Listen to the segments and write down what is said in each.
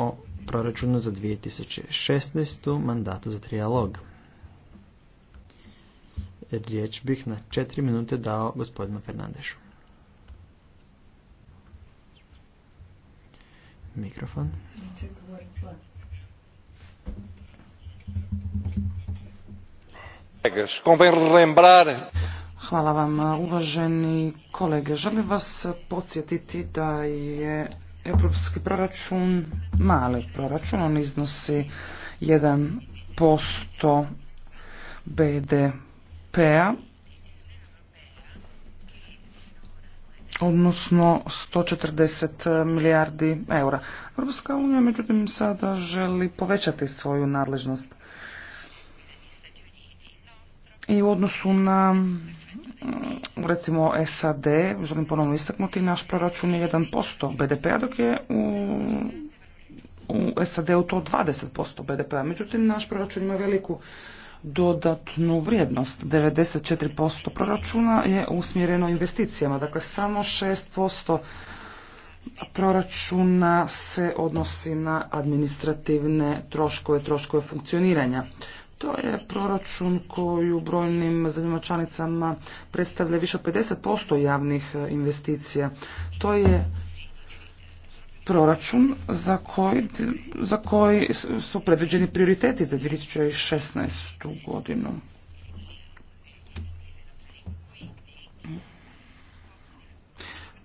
o proračunu za 2016. mandatu za trijalog. Riječ bih na četiri minute dao gospodinu Fernandešu. Mikrofon. Hvala vam, uvaženi kolege. Želim vas podsjetiti da je europski proračun mali proračun, on iznosi 1% BDP-a, odnosno 140 milijardi eura. Europska unija međutim sada želi povećati svoju nadležnost i u odnosu na mm, recimo SAD, želim ponovno istaknuti, naš proračun je 1% BDP-a, dok je u, u SAD-u to 20% BDP-a. Međutim, naš proračun ima veliku dodatnu vrijednost. 94% proračuna je usmjereno investicijama, dakle samo 6% proračuna se odnosi na administrativne troškove, troškove funkcioniranja. To je proračun koji u brojnim zemljama članicama predstavlja više od 50% javnih e, investicija. To je proračun za koji, za koji su predviđeni prioriteti za 2016. godinu.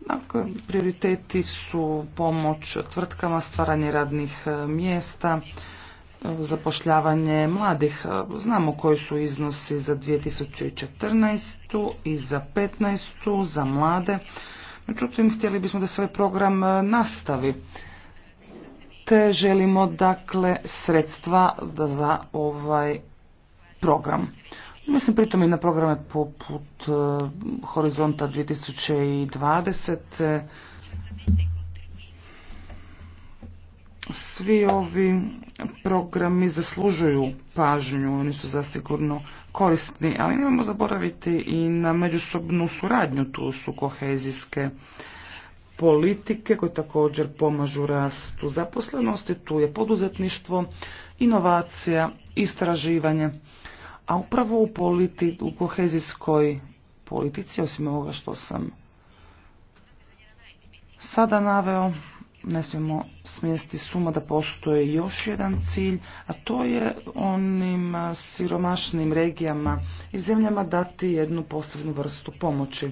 Dakle, prioriteti su pomoć tvrtkama, stvaranje radnih e, mjesta, zapošljavanje mladih. Znamo koji su iznosi za 2014. i za 2015. za mlade. Međutim, htjeli bismo da se ovaj program nastavi. Te želimo, dakle, sredstva za ovaj program. Mislim pritom i na programe poput eh, Horizonta 2020 svi ovi programi zaslužuju pažnju, oni su zasigurno korisni, ali nemojmo zaboraviti i na međusobnu suradnju, tu su kohezijske politike koje također pomažu rastu zaposlenosti, tu je poduzetništvo, inovacija, istraživanje, a upravo u, u kohezijskoj politici, osim ovoga što sam sada naveo, ne smijemo smjesti suma da postoje još jedan cilj, a to je onim siromašnim regijama i zemljama dati jednu posebnu vrstu pomoći.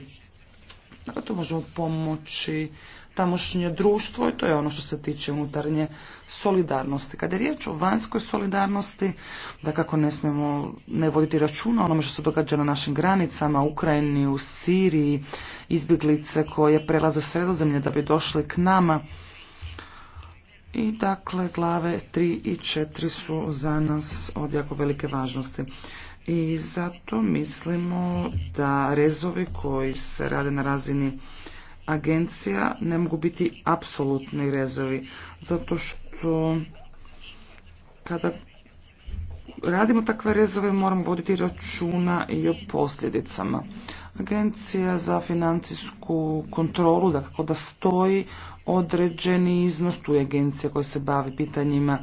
Dakle, to možemo pomoći tamošnje društvo i to je ono što se tiče unutarnje solidarnosti. Kada je riječ o vanjskoj solidarnosti, da kako ne smijemo ne voditi računa onome što se događa na našim granicama, u Ukrajini, u Siriji, izbjeglice koje prelaze sredozemlje da bi došli k nama, i dakle, glave 3 i 4 su za nas od jako velike važnosti. I zato mislimo da rezovi koji se rade na razini agencija ne mogu biti apsolutni rezovi. Zato što kada radimo takve rezove moramo voditi računa i o posljedicama. Agencija za financijsku kontrolu, dakle da stoji određeni iznos, tu je agencija koja se bavi pitanjima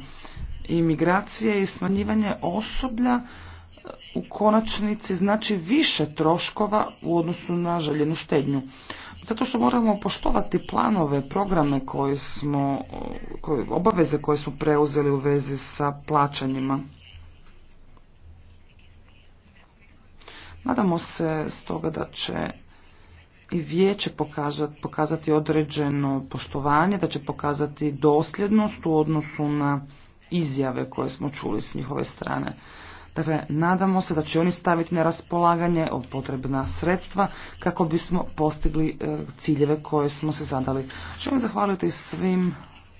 imigracije i smanjivanje osoblja e, u konačnici znači više troškova u odnosu na željenu štednju. Zato što moramo poštovati planove, programe koje smo, e, koje, obaveze koje smo preuzeli u vezi sa plaćanjima. Nadamo se stoga da će i vijeće pokazati određeno poštovanje, da će pokazati dosljednost u odnosu na izjave koje smo čuli s njihove strane. Dakle, nadamo se da će oni staviti na raspolaganje potrebna sredstva kako bismo postigli eh, ciljeve koje smo se zadali. Želim zahvaliti svim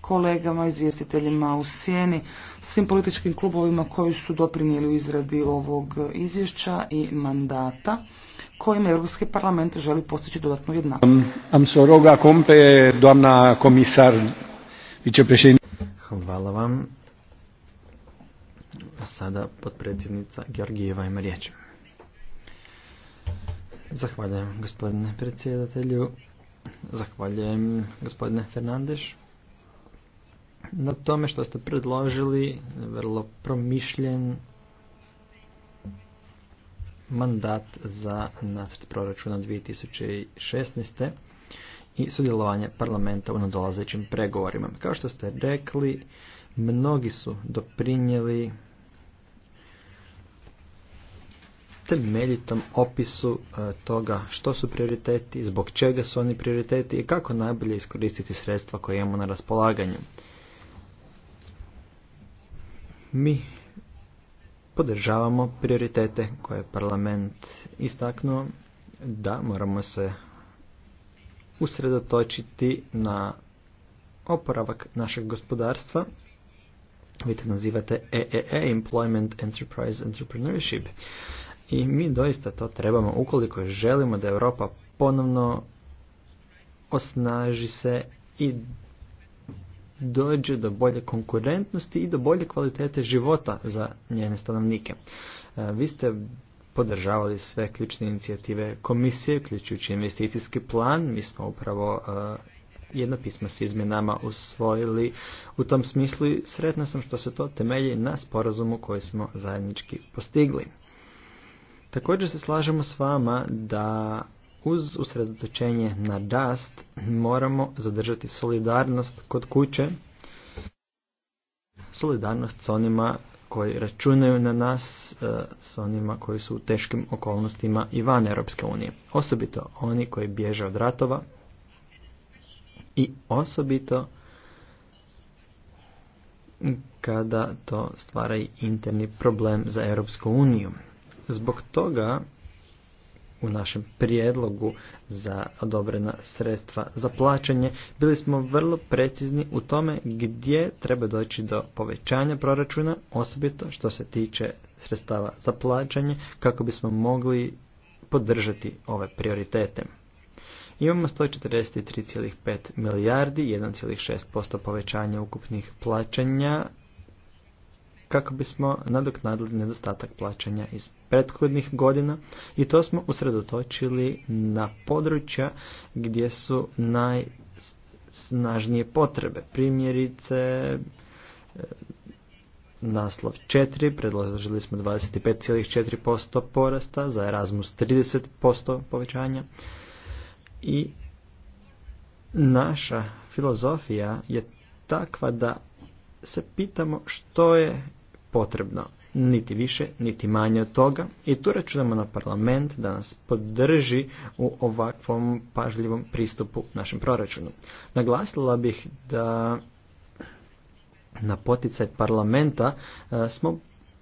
kolegama, izvjestiteljima u sjeni, svim političkim klubovima koji su doprinijeli u izradi ovog izvješća i mandata kojima Europski parlament želi postići dodatnu jednaku. Am kompe, doamna komisar, Hvala vam. Sada potpredsjednica Georgijeva ima riječ. Zahvaljujem gospodine predsjedatelju. Zahvaljujem gospodine Fernandeš na tome što ste predložili vrlo promišljen mandat za nacrt proračuna 2016. i sudjelovanje parlamenta u nadolazećim pregovorima. Kao što ste rekli, mnogi su doprinijeli temeljitom opisu e, toga što su prioriteti, zbog čega su oni prioriteti i kako najbolje iskoristiti sredstva koje imamo na raspolaganju. Mi podržavamo prioritete koje je parlament istaknuo da moramo se usredotočiti na oporavak našeg gospodarstva. Vi to nazivate EEE, e e, Employment Enterprise Entrepreneurship. I mi doista to trebamo ukoliko želimo da Europa ponovno osnaži se i dođe do bolje konkurentnosti i do bolje kvalitete života za njene stanovnike. E, vi ste podržavali sve ključne inicijative komisije, uključujući investicijski plan. Mi smo upravo e, jedno pismo s izmjenama usvojili. U tom smislu sretna sam što se to temelji na sporazumu koji smo zajednički postigli. Također se slažemo s vama da uz usredotočenje na rast moramo zadržati solidarnost kod kuće, solidarnost s onima koji računaju na nas, e, s onima koji su u teškim okolnostima i van Europske unije. Osobito oni koji bježe od ratova i osobito kada to stvara interni problem za Europsku uniju. Zbog toga u našem prijedlogu za odobrena sredstva za plaćanje, bili smo vrlo precizni u tome gdje treba doći do povećanja proračuna, osobito što se tiče sredstava za plaćanje, kako bismo mogli podržati ove prioritete. Imamo 143,5 milijardi, 1,6% povećanja ukupnih plaćanja kako bismo nadoknadili nedostatak plaćanja iz prethodnih godina i to smo usredotočili na područja gdje su najsnažnije potrebe. Primjerice, e, naslov 4, predložili smo 25,4% porasta, za Erasmus 30% povećanja i naša filozofija je takva da se pitamo što je potrebno niti više, niti manje od toga i tu računamo na parlament da nas podrži u ovakvom pažljivom pristupu našem proračunu. Naglasila bih da na poticaj parlamenta e, smo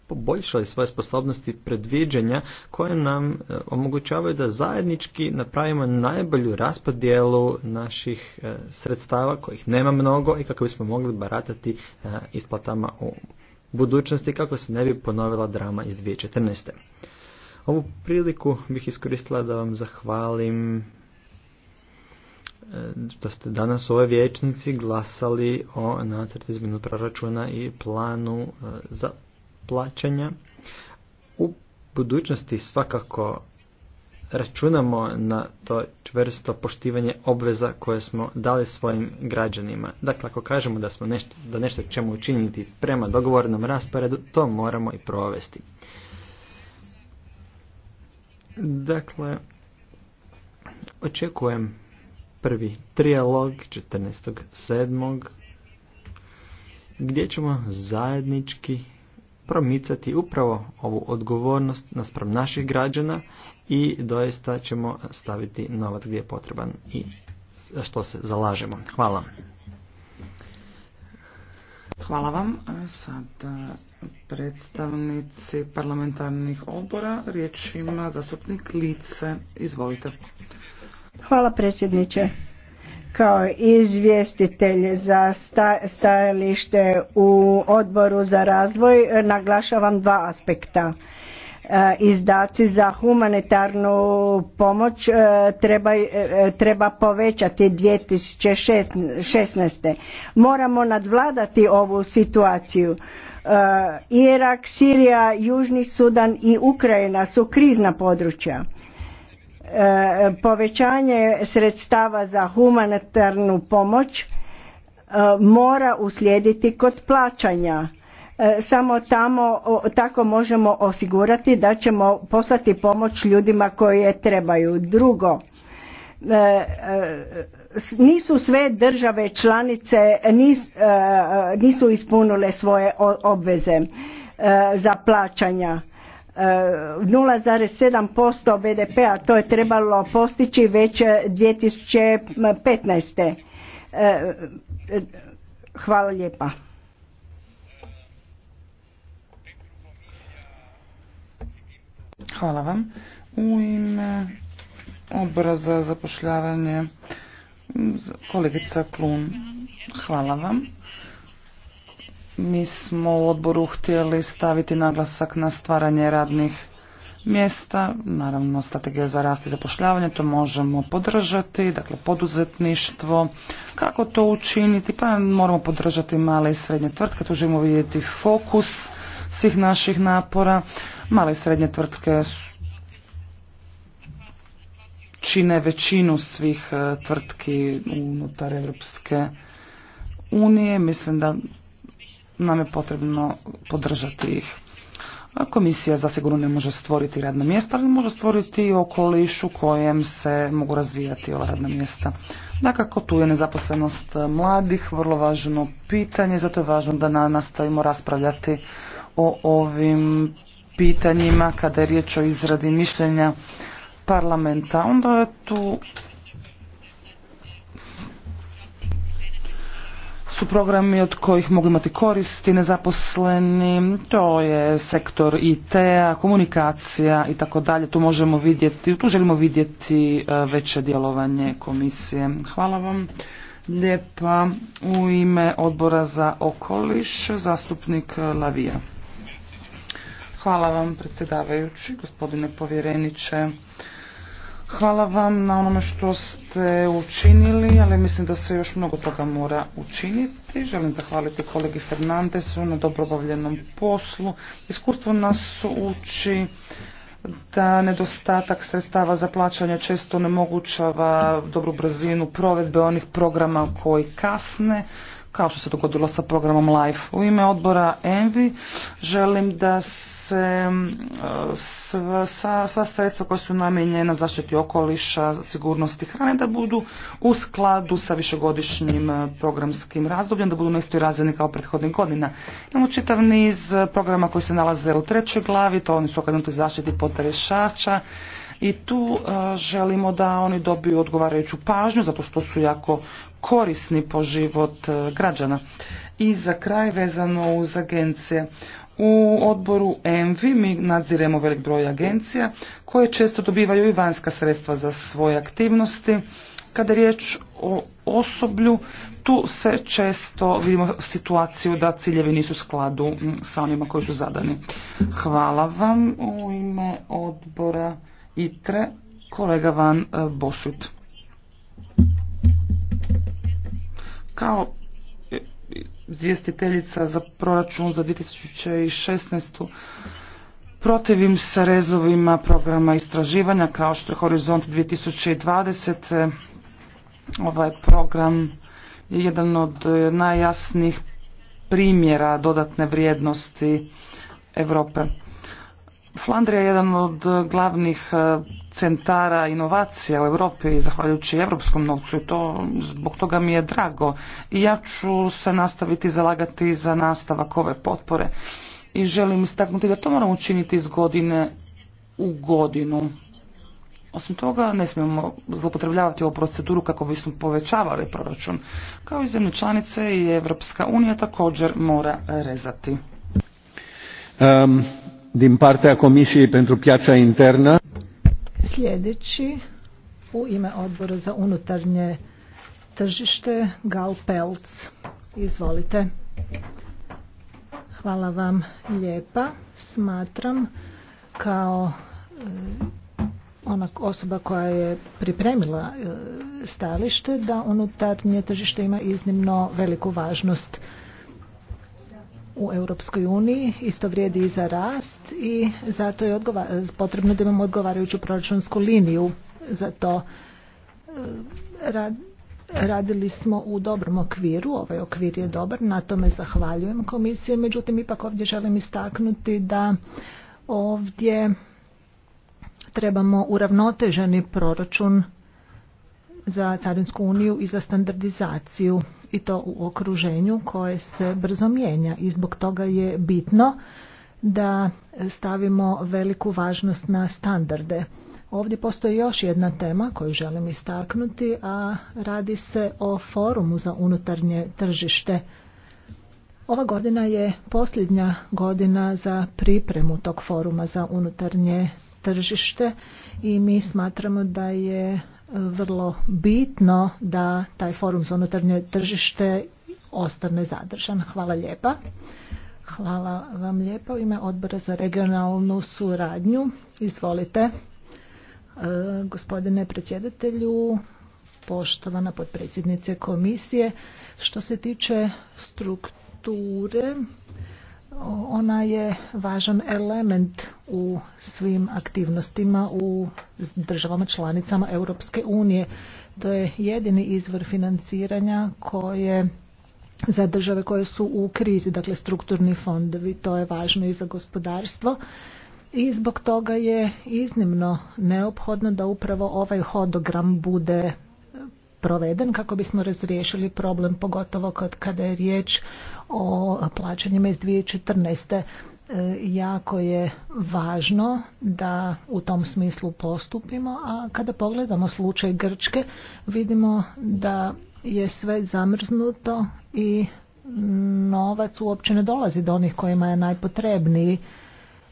poboljšali svoje sposobnosti predviđanja koje nam e, omogućavaju da zajednički napravimo najbolju raspodjelu naših e, sredstava kojih nema mnogo i kako bismo mogli baratati isplatama u budućnosti kako se ne bi ponovila drama iz 2014. Ovu priliku bih iskoristila da vam zahvalim e, da ste danas u ovoj vječnici glasali o nacrtu izmjenu proračuna i planu e, za plaćanja. U budućnosti svakako računamo na to čvrsto poštivanje obveza koje smo dali svojim građanima. Dakle, ako kažemo da, smo nešto, da nešto ćemo učiniti prema dogovornom rasporedu, to moramo i provesti. Dakle, očekujem prvi trijalog 14.7. gdje ćemo zajednički promicati upravo ovu odgovornost naspram naših građana i doista ćemo staviti novac gdje je potreban i što se zalažemo. Hvala. Hvala vam. Sada predstavnici parlamentarnih odbora. Riječ ima zastupnik Lice. Izvolite. Hvala predsjedniče kao izvjestitelj za stajalište u odboru za razvoj e, naglašavam dva aspekta e, izdaci za humanitarnu pomoć e, treba, treba povećati 2016. Moramo nadvladati ovu situaciju. Irak, Sirija, Južni Sudan i Ukrajina su krizna područja E, povećanje sredstava za humanitarnu pomoć e, mora uslijediti kod plaćanja e, samo tamo tako možemo osigurati da ćemo poslati pomoć ljudima koji je trebaju drugo nisu sve države članice nisu ispunile svoje obveze za plaćanja 0,7% e, BDP-a, to je trebalo postići već 2015. E, e, hvala lijepa. Hvala vam. U ime odbora za zapošljavanje kolegica Klun. Hvala vam. Mi smo u odboru htjeli staviti naglasak na stvaranje radnih mjesta, naravno strategija za rast i zapošljavanje, to možemo podržati, dakle poduzetništvo, kako to učiniti, pa moramo podržati male i srednje tvrtke, tu želimo vidjeti fokus svih naših napora, male i srednje tvrtke čine većinu svih e, tvrtki unutar Europske unije, mislim da nam je potrebno podržati ih. Komisija zasigurno ne može stvoriti radna mjesta, ali može stvoriti i okoliš u kojem se mogu razvijati ova radna mjesta. Dakako, tu je nezaposlenost mladih, vrlo važno pitanje, zato je važno da nastavimo raspravljati o ovim pitanjima kada je riječ o izradi mišljenja parlamenta. Onda je tu su programi od kojih mogu imati koristi nezaposleni, to je sektor IT-a, komunikacija i tako dalje. Tu možemo vidjeti, tu želimo vidjeti e, veće djelovanje komisije. Hvala vam. Lijepa u ime odbora za okoliš, zastupnik Lavija. Hvala vam predsjedavajući, gospodine povjereniče. Hvala vam na onome što ste učinili, ali mislim da se još mnogo toga mora učiniti. Želim zahvaliti kolegi Fernandesu na dobro obavljenom poslu. Iskustvo nas uči da nedostatak sredstava za plaćanje često onemogućava dobru brzinu provedbe onih programa koji kasne kao što se dogodilo sa programom Life. U ime odbora ENVI želim da se sva, sredstva koja su namijenjena zaštiti okoliša, sigurnosti hrane, da budu u skladu sa višegodišnjim e, programskim razdobljem, da budu na istoj razini kao prethodnih godina. Imamo čitav niz e, programa koji se nalaze u trećoj glavi, to oni su okrenuti zaštiti potrešača, i tu e, želimo da oni dobiju odgovarajuću pažnju zato što su jako korisni po život e, građana. I za kraj vezano uz agencije. U odboru ENVI mi nadziremo velik broj agencija koje često dobivaju i vanjska sredstva za svoje aktivnosti. Kada je riječ o osoblju, tu se često vidimo situaciju da ciljevi nisu u skladu sa onima koji su zadani. Hvala vam u ime odbora ITRE, kolega Van e, Bosut. Kao izvjestiteljica za proračun za 2016. protivim se rezovima programa istraživanja kao što je Horizont 2020. Ovaj program je jedan od najjasnijih primjera dodatne vrijednosti Europe. Flandrija je jedan od e, glavnih e, centara inovacija u Europi zahvaljujući europskom novcu i to zbog toga mi je drago. I ja ću se nastaviti zalagati za nastavak ove potpore i želim istaknuti da to moramo učiniti iz godine u godinu. Osim toga, ne smijemo zloupotrebljavati ovu proceduru kako bismo povećavali proračun. Kao i zemlje članice i Evropska unija također mora rezati. Um, din partea Comisiei pentru piața internă. Sljedeći u ime odbora za unutarnje tržište Gal Pelc. Izvolite. Hvala vam lijepa. Smatram kao eh, ona osoba koja je pripremila eh, stalište da unutarnje tržište ima iznimno veliku važnost u Europskoj uniji, isto vrijedi i za rast i zato je potrebno da imamo odgovarajuću proračunsku liniju za to. E, radili smo u dobrom okviru, ovaj okvir je dobar, na tome zahvaljujem komisije, međutim ipak ovdje želim istaknuti da ovdje trebamo uravnoteženi proračun za carinsku uniju i za standardizaciju i to u okruženju koje se brzo mijenja i zbog toga je bitno da stavimo veliku važnost na standarde. Ovdje postoji još jedna tema koju želim istaknuti, a radi se o forumu za unutarnje tržište. Ova godina je posljednja godina za pripremu tog foruma za unutarnje tržište i mi smatramo da je vrlo bitno da taj forum za unutarnje tržište ostane zadržan. Hvala lijepa. Hvala vam lijepa u ime odbora za regionalnu suradnju. Izvolite. E, gospodine predsjedatelju, poštovana potpredsjednice komisije, što se tiče strukture je važan element u svim aktivnostima u državama članicama Europske unije. To je jedini izvor financiranja koje za države koje su u krizi, dakle strukturni fondovi, to je važno i za gospodarstvo. I zbog toga je iznimno neophodno da upravo ovaj hodogram bude proveden kako bismo razriješili problem, pogotovo kad, kada je riječ o plaćanjima iz 2014. E, jako je važno da u tom smislu postupimo, a kada pogledamo slučaj Grčke vidimo da je sve zamrznuto i novac uopće ne dolazi do onih kojima je najpotrebniji.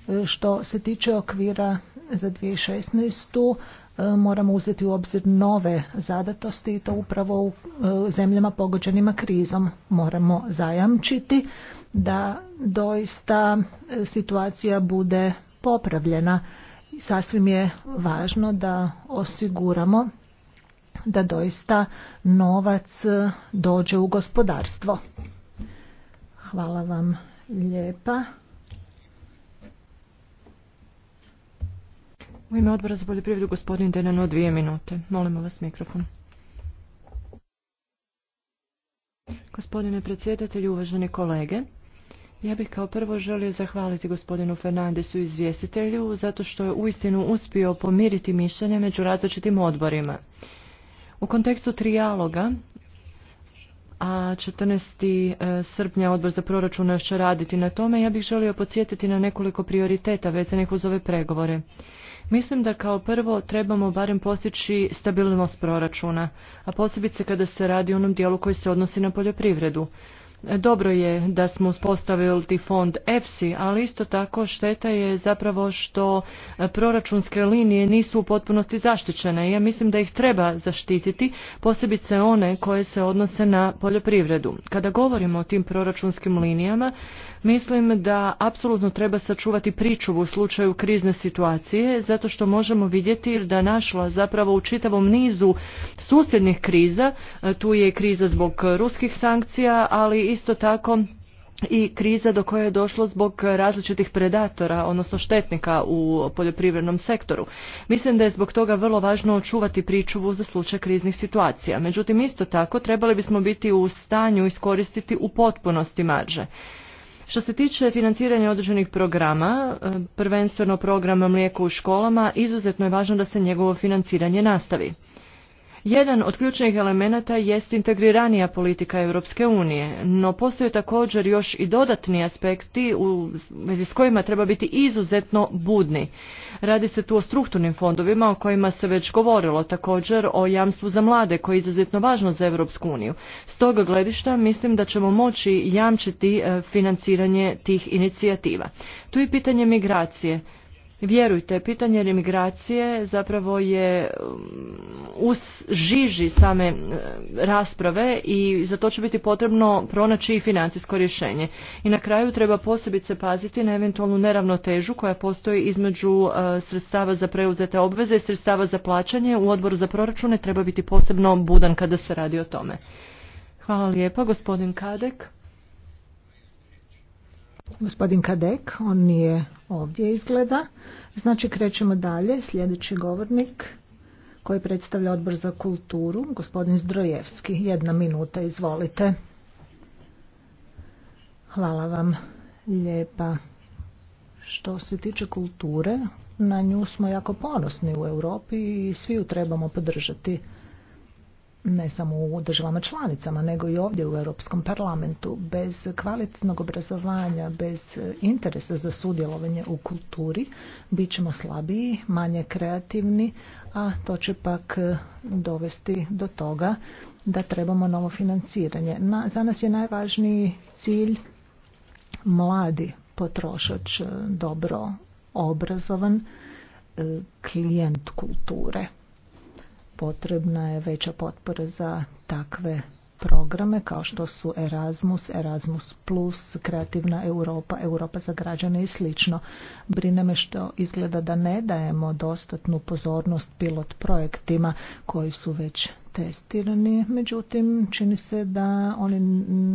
E, što se tiče okvira za 2016. E, moramo uzeti u obzir nove zadatosti i to upravo u e, zemljama pogođenima krizom. Moramo zajamčiti da doista e, situacija bude popravljena. Sasvim je važno da osiguramo da doista novac dođe u gospodarstvo. Hvala vam lijepa. U ime odbora za poljoprivredu gospodin Denano dvije minute. Molimo vas mikrofon. Gospodine predsjedatelju, uvaženi kolege, ja bih kao prvo želio zahvaliti gospodinu Fernandesu izvjestitelju zato što je uistinu uspio pomiriti mišljenje među različitim odborima. U kontekstu trijaloga, a 14. E, srpnja odbor za proračun još će raditi na tome, ja bih želio podsjetiti na nekoliko prioriteta vezanih uz ove pregovore. Mislim da kao prvo trebamo barem postići stabilnost proračuna, a posebice kada se radi o onom dijelu koji se odnosi na poljoprivredu. Dobro je da smo uspostavili fond EFSI, ali isto tako šteta je zapravo što proračunske linije nisu u potpunosti zaštićene. Ja mislim da ih treba zaštititi, posebice one koje se odnose na poljoprivredu. Kada govorimo o tim proračunskim linijama, mislim da apsolutno treba sačuvati pričuvu u slučaju krizne situacije, zato što možemo vidjeti da našla zapravo u čitavom nizu susjednih kriza, tu je kriza zbog ruskih sankcija, ali i isto tako i kriza do koje je došlo zbog različitih predatora, odnosno štetnika u poljoprivrednom sektoru. Mislim da je zbog toga vrlo važno očuvati pričuvu za slučaj kriznih situacija. Međutim, isto tako trebali bismo biti u stanju iskoristiti u potpunosti marže. Što se tiče financiranja određenih programa, e, prvenstveno programa mlijeko u školama, izuzetno je važno da se njegovo financiranje nastavi. Jedan od ključnih elemenata jest integriranija politika Europske unije, no postoje također još i dodatni aspekti u s kojima treba biti izuzetno budni. Radi se tu o strukturnim fondovima o kojima se već govorilo, također o jamstvu za mlade koje je izuzetno važno za Europsku uniju. S toga gledišta mislim da ćemo moći jamčiti e, financiranje tih inicijativa. Tu je pitanje migracije. Vjerujte, pitanje imigracije zapravo je u um, žiži same uh, rasprave i za to će biti potrebno pronaći i financijsko rješenje. I na kraju treba posebice paziti na eventualnu neravnotežu koja postoji između uh, sredstava za preuzete obveze i sredstava za plaćanje. U odboru za proračune treba biti posebno budan kada se radi o tome. Hvala lijepa, gospodin Kadek. Gospodin Kadek, on nije ovdje izgleda. Znači krećemo dalje. Sljedeći govornik koji predstavlja odbor za kulturu, gospodin Zdrojevski. Jedna minuta, izvolite. Hvala vam lijepa. Što se tiče kulture, na nju smo jako ponosni u Europi i svi ju trebamo podržati ne samo u državama članicama, nego i ovdje u Europskom parlamentu. Bez kvalitetnog obrazovanja, bez interesa za sudjelovanje u kulturi, bit ćemo slabiji, manje kreativni, a to će pak e, dovesti do toga da trebamo novo financiranje. Na, za nas je najvažniji cilj mladi potrošač e, dobro obrazovan e, klijent kulture potrebna je veća potpora za takve programe kao što su Erasmus, Erasmus Plus, Kreativna Europa, Europa za građane i slično. Brine me što izgleda da ne dajemo dostatnu pozornost pilot projektima koji su već testirani, međutim čini se da, oni,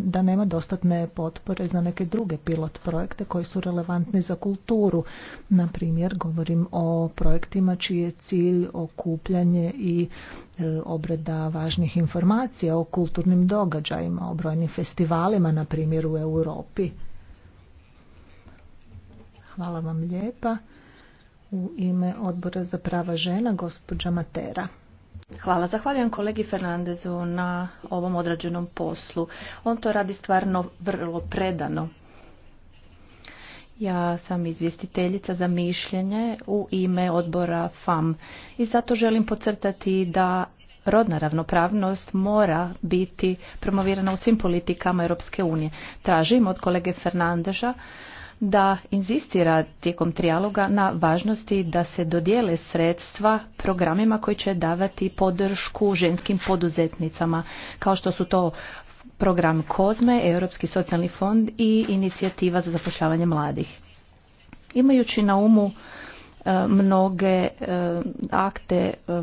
da nema dostatne potpore za neke druge pilot projekte koji su relevantni za kulturu. Na primjer, govorim o projektima čiji je cilj okupljanje i e, obrada važnih informacija o kulturnim događajima, o brojnim festivalima, na primjer u Europi. Hvala vam lijepa. U ime odbora za prava žena, gospođa Matera. Hvala. Zahvaljujem kolegi Fernandezu na ovom odrađenom poslu. On to radi stvarno vrlo predano. Ja sam izvjestiteljica za mišljenje u ime odbora FAM i zato želim podcrtati da rodna ravnopravnost mora biti promovirana u svim politikama Europske unije. Tražim od kolege Fernandeža da inzistira tijekom trijaloga na važnosti da se dodijele sredstva programima koji će davati podršku ženskim poduzetnicama, kao što su to program COSME, Europski socijalni fond i inicijativa za zapošljavanje mladih. Imajući na umu e, mnoge e, akte e,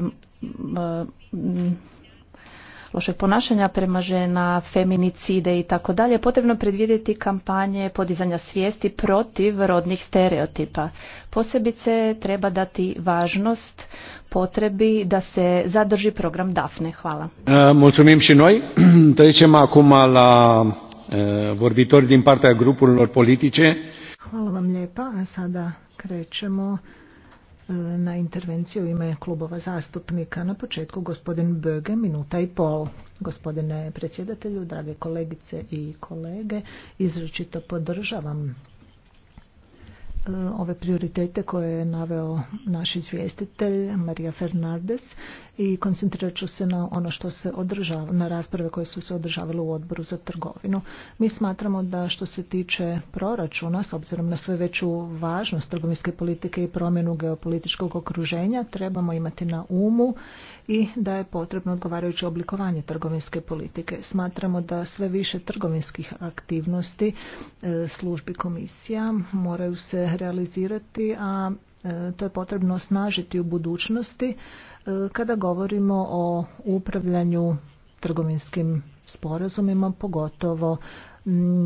lošeg ponašanja prema žena, feminicide i tako dalje, potrebno predvidjeti kampanje podizanja svijesti protiv rodnih stereotipa. Posebice treba dati važnost potrebi da se zadrži program DAFNE. Hvala. E, mulțumim și noi. Trecem acum la e, vorbitori din partea politice. Hvala vam lijepa, a sada krećemo na intervenciju u ime klubova zastupnika. Na početku gospodin Böge, minuta i pol. Gospodine predsjedatelju, drage kolegice i kolege, izričito podržavam E, ove prioritete koje je naveo naš izvjestitelj Marija Fernandez, i koncentrirat ću se na ono što se održava, na rasprave koje su se održavale u odboru za trgovinu. Mi smatramo da što se tiče proračuna, s obzirom na sve veću važnost trgovinske politike i promjenu geopolitičkog okruženja, trebamo imati na umu i da je potrebno odgovarajuće oblikovanje trgovinske politike. Smatramo da sve više trgovinskih aktivnosti e, službi komisija moraju se realizirati, a e, to je potrebno osnažiti u budućnosti e, kada govorimo o upravljanju trgovinskim sporazumima, pogotovo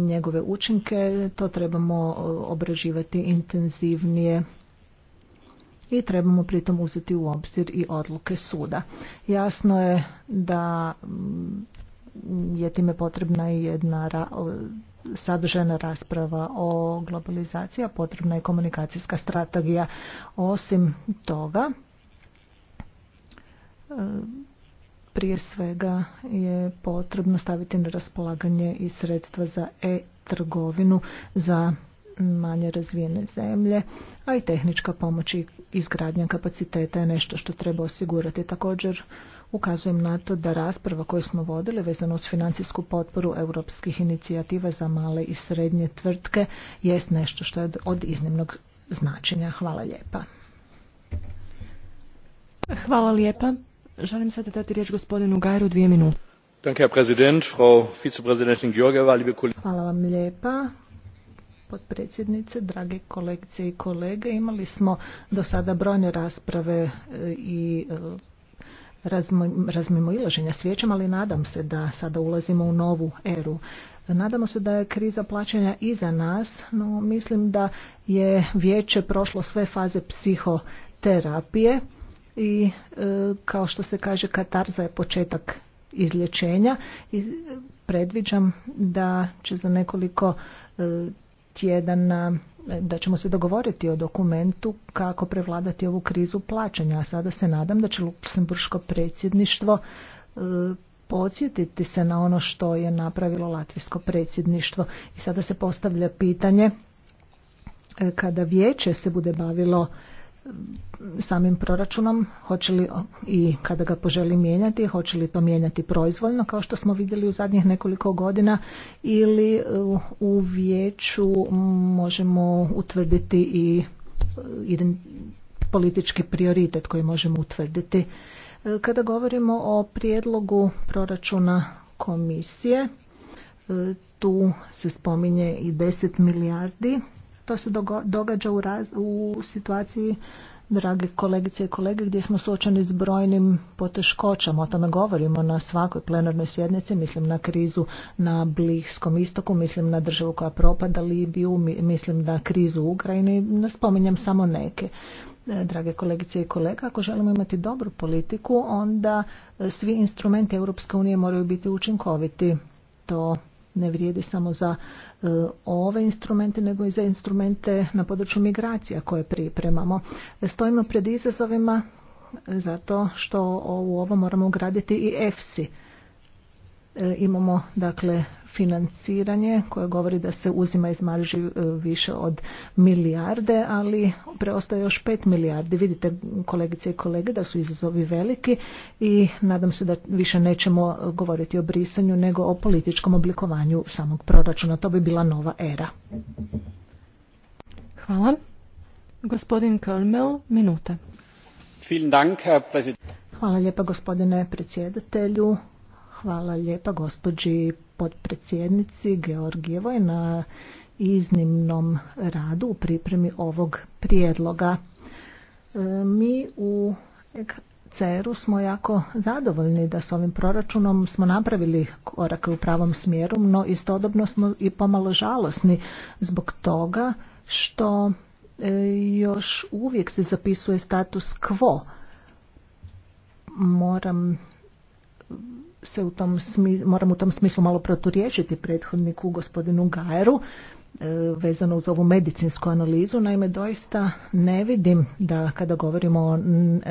njegove učinke, to trebamo e, obraživati intenzivnije i trebamo pritom uzeti u obzir i odluke suda. Jasno je da je time potrebna i jedna sadržena rasprava o globalizaciji, a potrebna je komunikacijska strategija. Osim toga, e, prije svega je potrebno staviti na raspolaganje i sredstva za e-trgovinu za manje razvijene zemlje, a i tehnička pomoć i izgradnja kapaciteta je nešto što treba osigurati. Također Ukazujem na to da rasprava koju smo vodili vezano uz financijsku potporu europskih inicijativa za male i srednje tvrtke jest nešto što je od iznimnog značenja. Hvala lijepa. Hvala lijepa. Želim sada dati riječ gospodinu Gajru dvije minute. Hvala vam lijepa potpredsjednice, drage kolegice i kolege. Imali smo do sada brojne rasprave e, i e, razmimo iloženja svijećem, ali nadam se da sada ulazimo u novu eru. Nadamo se da je kriza plaćanja iza nas, no mislim da je vijeće prošlo sve faze psihoterapije i e, kao što se kaže katarza je početak izlječenja i e, predviđam da će za nekoliko e, tjedana da ćemo se dogovoriti o dokumentu kako prevladati ovu krizu plaćanja. A sada se nadam da će Luksemburško predsjedništvo e, podsjetiti se na ono što je napravilo Latvijsko predsjedništvo. I sada se postavlja pitanje e, kada vijeće se bude bavilo samim proračunom, hoće li i kada ga poželi mijenjati, hoće li to mijenjati proizvoljno kao što smo vidjeli u zadnjih nekoliko godina ili u vijeću možemo utvrditi i politički prioritet koji možemo utvrditi. Kada govorimo o prijedlogu proračuna komisije, tu se spominje i 10 milijardi to se događa u, situaciji, drage kolegice i kolege, gdje smo suočeni s brojnim poteškoćama. O tome govorimo na svakoj plenarnoj sjednici, mislim na krizu na Bliskom istoku, mislim na državu koja propada Libiju, mislim na krizu u Ukrajini, ne spominjem samo neke e, drage kolegice i kolega, ako želimo imati dobru politiku, onda e, svi instrumenti Europske unije moraju biti učinkoviti. To ne vrijedi samo za e, ove instrumente, nego i za instrumente na području migracija koje pripremamo. Stojimo pred izazovima zato što u ovo moramo ugraditi i EFSI. E, imamo dakle financiranje koje govori da se uzima iz marži e, više od milijarde, ali preostaje još pet milijardi. Vidite kolegice i kolege da su izazovi veliki i nadam se da više nećemo e, govoriti o brisanju nego o političkom oblikovanju samog proračuna. To bi bila nova era. Hvala. Gospodin Kölmel, minuta. Hvala lijepa gospodine predsjedatelju, Hvala lijepa gospođi potpredsjednici Georgijevoj na iznimnom radu u pripremi ovog prijedloga. E, mi u CR-u smo jako zadovoljni da s ovim proračunom smo napravili korake u pravom smjeru, no istodobno smo i pomalo žalosni zbog toga što e, još uvijek se zapisuje status quo. Moram se u tom smislu, moram u tom smislu malo proturiječiti prethodniku gospodinu Gajeru e, vezano uz ovu medicinsku analizu. Naime, doista ne vidim da kada govorimo o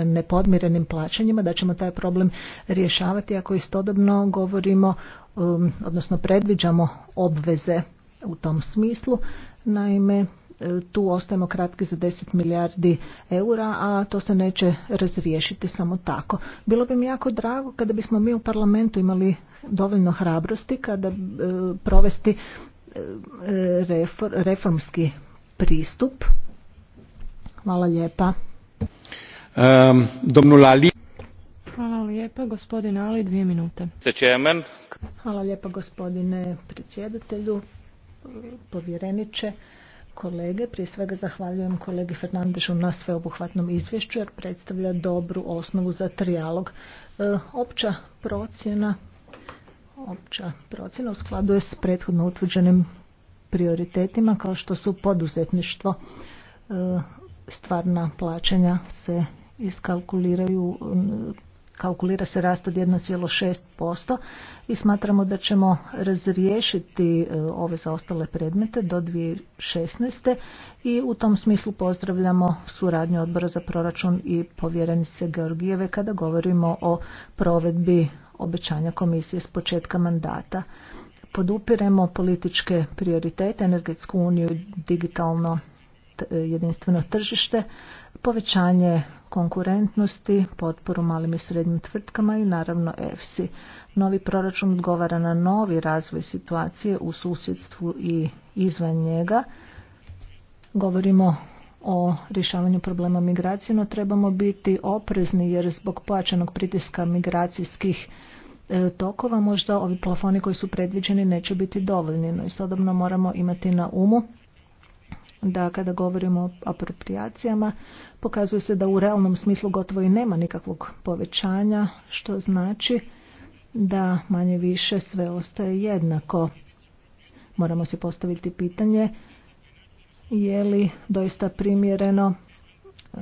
nepodmirenim plaćanjima da ćemo taj problem rješavati ako istodobno govorimo, um, odnosno predviđamo obveze u tom smislu. Naime, tu ostajemo kratki za 10 milijardi eura, a to se neće razriješiti samo tako. Bilo bi mi jako drago kada bismo mi u parlamentu imali dovoljno hrabrosti kada e, provesti e, reformski pristup. Hvala lijepa. Hvala lijepa, gospodin Ali, dvije minute. Hvala lijepa, gospodine predsjedatelju, povjereniče kolege. Prije svega zahvaljujem kolegi Fernandešu na sveobuhvatnom izvješću jer predstavlja dobru osnovu za trijalog. E, opća procjena opća procjena u skladu je s prethodno utvrđenim prioritetima kao što su poduzetništvo. E, stvarna plaćanja se iskalkuliraju kalkulira se rast od 1,6% i smatramo da ćemo razriješiti e, ove zaostale predmete do 2016. i u tom smislu pozdravljamo suradnju odbora za proračun i povjerenice Georgijeve kada govorimo o provedbi obećanja komisije s početka mandata. Podupiremo političke prioritete, energetsku uniju, digitalno jedinstveno tržište, povećanje konkurentnosti, potporu malim i srednjim tvrtkama i naravno EFSI. Novi proračun odgovara na novi razvoj situacije u susjedstvu i izvan njega. Govorimo o rješavanju problema migracije, no trebamo biti oprezni jer zbog pojačanog pritiska migracijskih e, tokova možda ovi plafoni koji su predviđeni neće biti dovoljni, no istodobno moramo imati na umu da kada govorimo o apropriacijama pokazuje se da u realnom smislu gotovo i nema nikakvog povećanja što znači da manje više sve ostaje jednako. Moramo se postaviti pitanje je li doista primjereno e,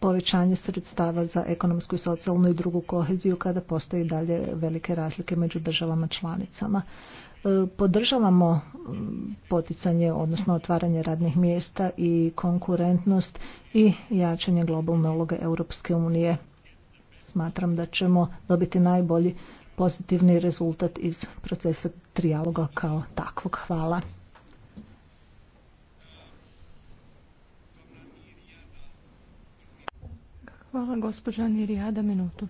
povećanje sredstava za ekonomsku, socijalnu i drugu koheziju kada postoji dalje velike razlike među državama članicama. E, podržavamo poticanje, odnosno otvaranje radnih mjesta i konkurentnost i jačanje globalne uloge Europske unije. Smatram da ćemo dobiti najbolji pozitivni rezultat iz procesa trijaloga kao takvog. Hvala. Hvala gospođa Nirijada minutu.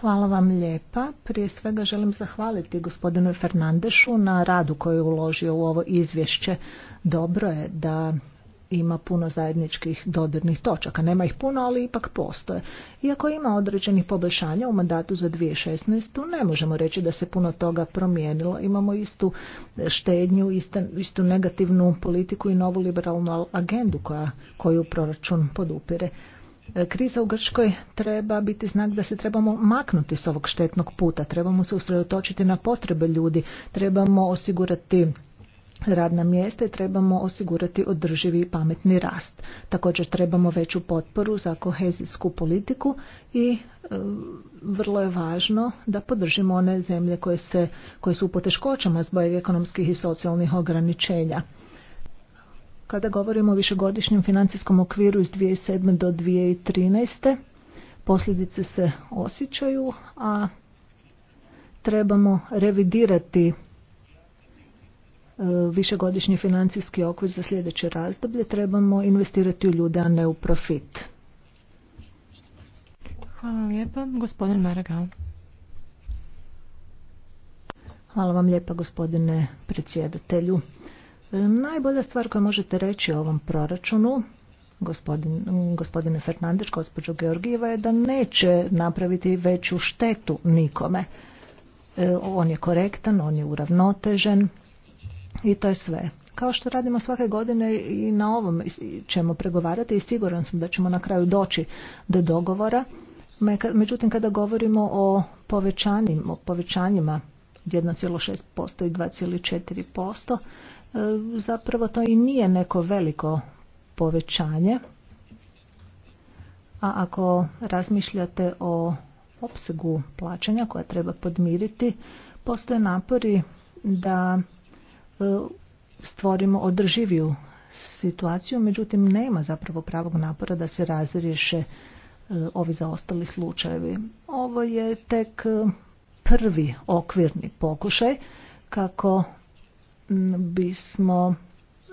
Hvala vam lijepa. Prije svega želim zahvaliti gospodinu Fernandešu na radu koji je uložio u ovo izvješće. Dobro je da ima puno zajedničkih dodirnih točaka. Nema ih puno, ali ipak postoje. Iako ima određenih poboljšanja u mandatu za 2016. ne možemo reći da se puno toga promijenilo. Imamo istu štednju, istu negativnu politiku i novu liberalnu agendu koja, koju proračun podupire. E, kriza u Grčkoj treba biti znak da se trebamo maknuti s ovog štetnog puta, trebamo se usredotočiti na potrebe ljudi, trebamo osigurati radna mjesta i trebamo osigurati održivi i pametni rast. Također trebamo veću potporu za kohezijsku politiku i e, vrlo je važno da podržimo one zemlje koje, se, koje su u poteškoćama zbog ekonomskih i socijalnih ograničenja. Kada govorimo o višegodišnjem financijskom okviru iz 2007. do 2013. posljedice se osjećaju, a trebamo revidirati e, višegodišnji financijski okvir za sljedeće razdoblje, trebamo investirati u ljude, a ne u profit. Hvala lijepa, gospodin Maragal. Hvala vam lijepa, gospodine predsjedatelju. Najbolja stvar koju možete reći o ovom proračunu, gospodine Fernandeš, gospođo Georgijeva, je da neće napraviti veću štetu nikome. E, on je korektan, on je uravnotežen i to je sve. Kao što radimo svake godine i na ovom ćemo pregovarati i siguran sam da ćemo na kraju doći do dogovora. Međutim, kada govorimo o povećanjima, o povećanjima 1,6% i 2,4%, E, zapravo to i nije neko veliko povećanje. A ako razmišljate o opsegu plaćanja koja treba podmiriti, postoje napori da e, stvorimo održiviju situaciju, međutim nema zapravo pravog napora da se razriješe e, ovi zaostali slučajevi. Ovo je tek prvi okvirni pokušaj kako bismo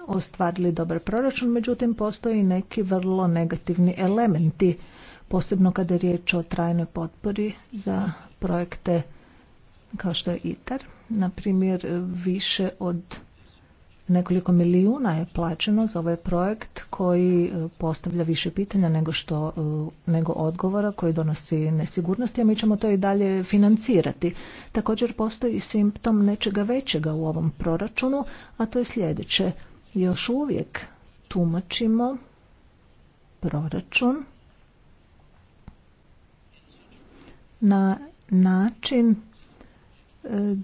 ostvarili dobar proračun, međutim postoji neki vrlo negativni elementi, posebno kada je riječ o trajnoj potpori za projekte kao što je ITAR, na primjer više od nekoliko milijuna je plaćeno za ovaj projekt koji e, postavlja više pitanja nego, što, e, nego odgovora koji donosi nesigurnosti, a mi ćemo to i dalje financirati. Također postoji simptom nečega većega u ovom proračunu, a to je sljedeće. Još uvijek tumačimo proračun na način e,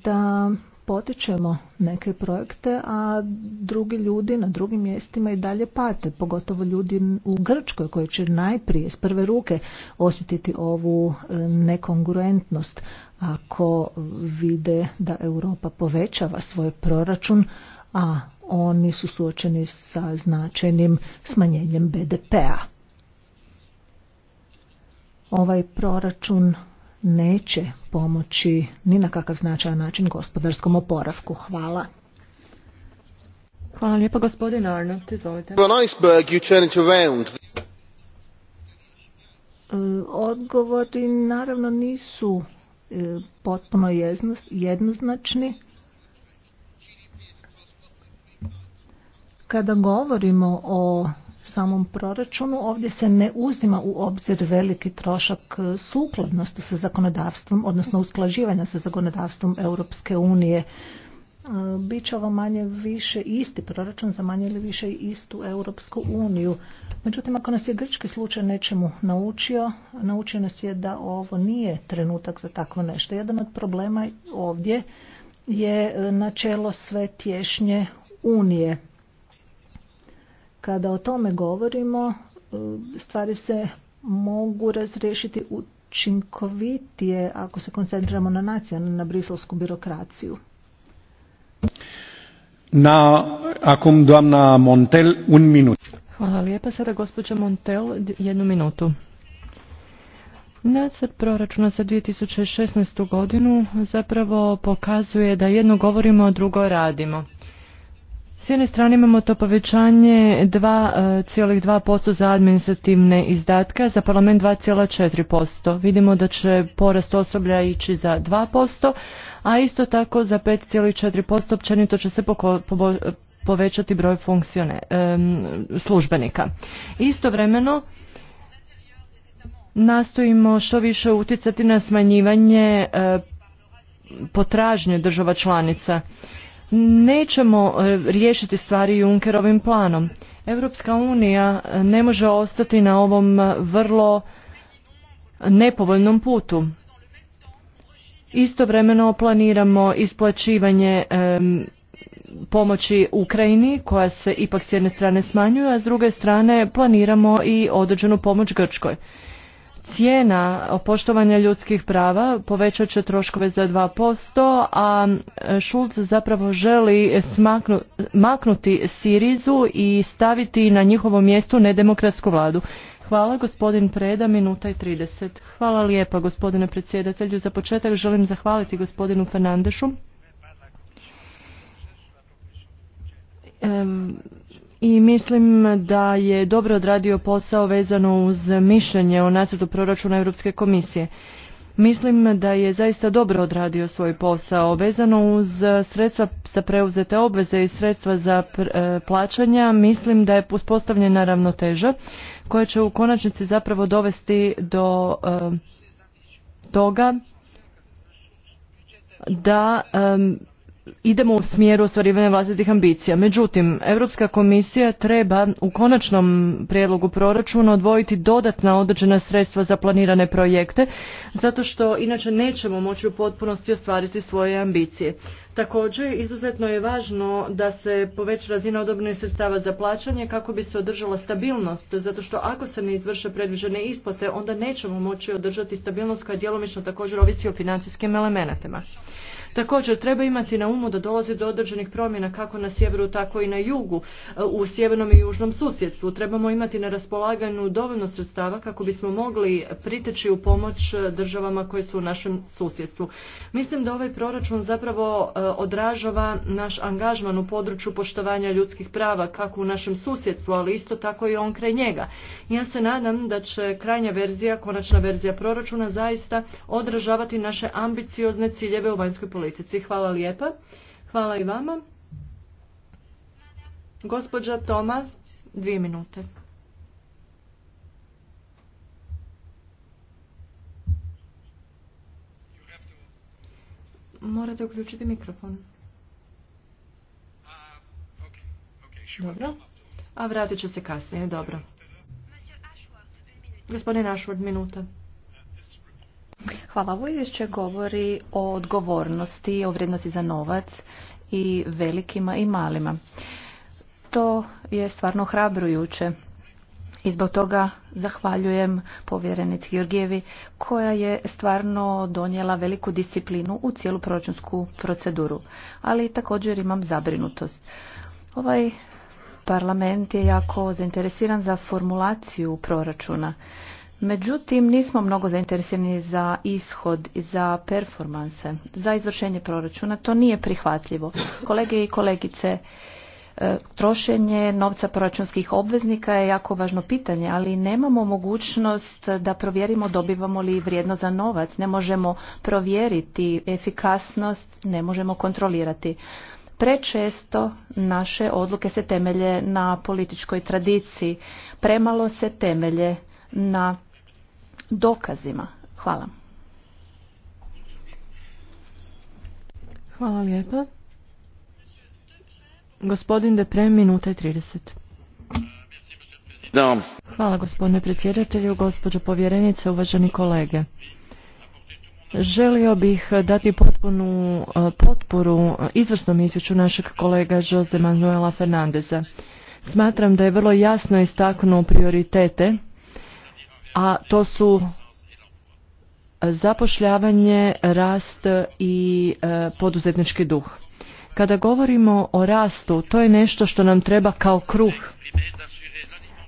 da potičemo neke projekte, a drugi ljudi na drugim mjestima i dalje pate, pogotovo ljudi u Grčkoj koji će najprije s prve ruke osjetiti ovu e, nekongruentnost ako vide da Europa povećava svoj proračun, a oni su suočeni sa značajnim smanjenjem BDP-a. Ovaj proračun neće pomoći ni na kakav značajan način gospodarskom oporavku. Hvala. Hvala lijepa gospodin Arnold. izvolite. E, odgovori naravno nisu e, potpuno jednoznačni. Kada govorimo o samom proračunu ovdje se ne uzima u obzir veliki trošak e, sukladnosti sa zakonodavstvom, odnosno usklaživanja sa zakonodavstvom Europske unije. E, Biće ovo manje više isti proračun za manje ili više istu Europsku uniju. Međutim, ako nas je grčki slučaj nečemu naučio, naučio nas je da ovo nije trenutak za takvo nešto. Jedan od problema ovdje je e, načelo sve tješnje unije kada o tome govorimo, e, stvari se mogu razriješiti učinkovitije ako se koncentriramo na nacionalnu, na briselsku birokraciju. Na, akum doamna Montel, un minut. Hvala lijepa. Sada gospođa Montel, jednu minutu. Nacrt proračuna za 2016. godinu zapravo pokazuje da jedno govorimo, a drugo radimo. S jedne strane imamo to povećanje 2,2% e, za administrativne izdatke, za parlament 2,4%. Vidimo da će porast osoblja ići za 2%, a isto tako za 5,4% općenito će se povećati broj funkcione, službenika. Istovremeno nastojimo što više utjecati na smanjivanje e, potražnje država članica nećemo e, riješiti stvari Junkerovim planom. Europska unija e, ne može ostati na ovom e, vrlo nepovoljnom putu. Istovremeno planiramo isplaćivanje pomoći Ukrajini koja se ipak s jedne strane smanjuje, a s druge strane planiramo i određenu pomoć Grčkoj cijena poštovanja ljudskih prava povećat će troškove za 2%, a Šulc zapravo želi smaknu, maknuti Sirizu i staviti na njihovo mjesto nedemokratsku vladu. Hvala gospodin Preda, minuta i 30. Hvala lijepa gospodine predsjedatelju. Za početak želim zahvaliti gospodinu Fernandešu i mislim da je dobro odradio posao vezano uz mišljenje o nacrtu proračuna Europske komisije. Mislim da je zaista dobro odradio svoj posao vezano uz sredstva za preuzete obveze i sredstva za e, plaćanja. Mislim da je uspostavljena ravnoteža koja će u konačnici zapravo dovesti do e, toga da idemo u smjeru ostvarivanja vlastitih ambicija. Međutim, Europska komisija treba u konačnom prijedlogu proračuna odvojiti dodatna određena sredstva za planirane projekte, zato što inače nećemo moći u potpunosti ostvariti svoje ambicije. Također, izuzetno je važno da se poveća razina odobrenih sredstava za plaćanje kako bi se održala stabilnost, zato što ako se ne izvrše predviđene isplate, onda nećemo moći održati stabilnost koja djelomično također ovisi o financijskim elementima. Također treba imati na umu da dolazi do određenih promjena kako na sjeveru tako i na jugu e, u sjevernom i južnom susjedstvu. Trebamo imati na raspolaganju dovoljno sredstava kako bismo mogli priteći u pomoć e, državama koje su u našem susjedstvu. Mislim da ovaj proračun zapravo e, odražava naš angažman u području poštovanja ljudskih prava kako u našem susjedstvu, ali isto tako i on kraj njega. Ja se nadam da će krajnja verzija, konačna verzija proračuna zaista odražavati naše ambiciozne ciljeve u vanjskoj politici politici. Hvala lijepa. Hvala i vama. Gospođa Toma, dvije minute. Morate uključiti mikrofon. Dobro. A vratit će se kasnije, dobro. Gospodin Ashworth, minuta. Hvala. Ovo izvješće govori o odgovornosti, o vrijednosti za novac i velikima i malima. To je stvarno hrabrujuće i zbog toga zahvaljujem povjerenici Georgijevi koja je stvarno donijela veliku disciplinu u cijelu proračunsku proceduru. Ali također imam zabrinutost. Ovaj parlament je jako zainteresiran za formulaciju proračuna Međutim, nismo mnogo zainteresirani za ishod za performanse, za izvršenje proračuna. To nije prihvatljivo. Kolege i kolegice, e, trošenje novca proračunskih obveznika je jako važno pitanje, ali nemamo mogućnost da provjerimo dobivamo li vrijedno za novac. Ne možemo provjeriti efikasnost, ne možemo kontrolirati. Prečesto naše odluke se temelje na političkoj tradiciji, premalo se temelje na dokazima. Hvala. Hvala lijepa. Gospodin Depre, minuta i 30. Hvala gospodine predsjedatelju, gospođo povjerenice, uvaženi kolege. Želio bih dati potpunu eh, potporu izvrsnom izvješću našeg kolega Jose Manuela Fernandeza. Smatram da je vrlo jasno istaknuo prioritete a to su zapošljavanje, rast i e, poduzetnički duh. Kada govorimo o rastu, to je nešto što nam treba kao kruh.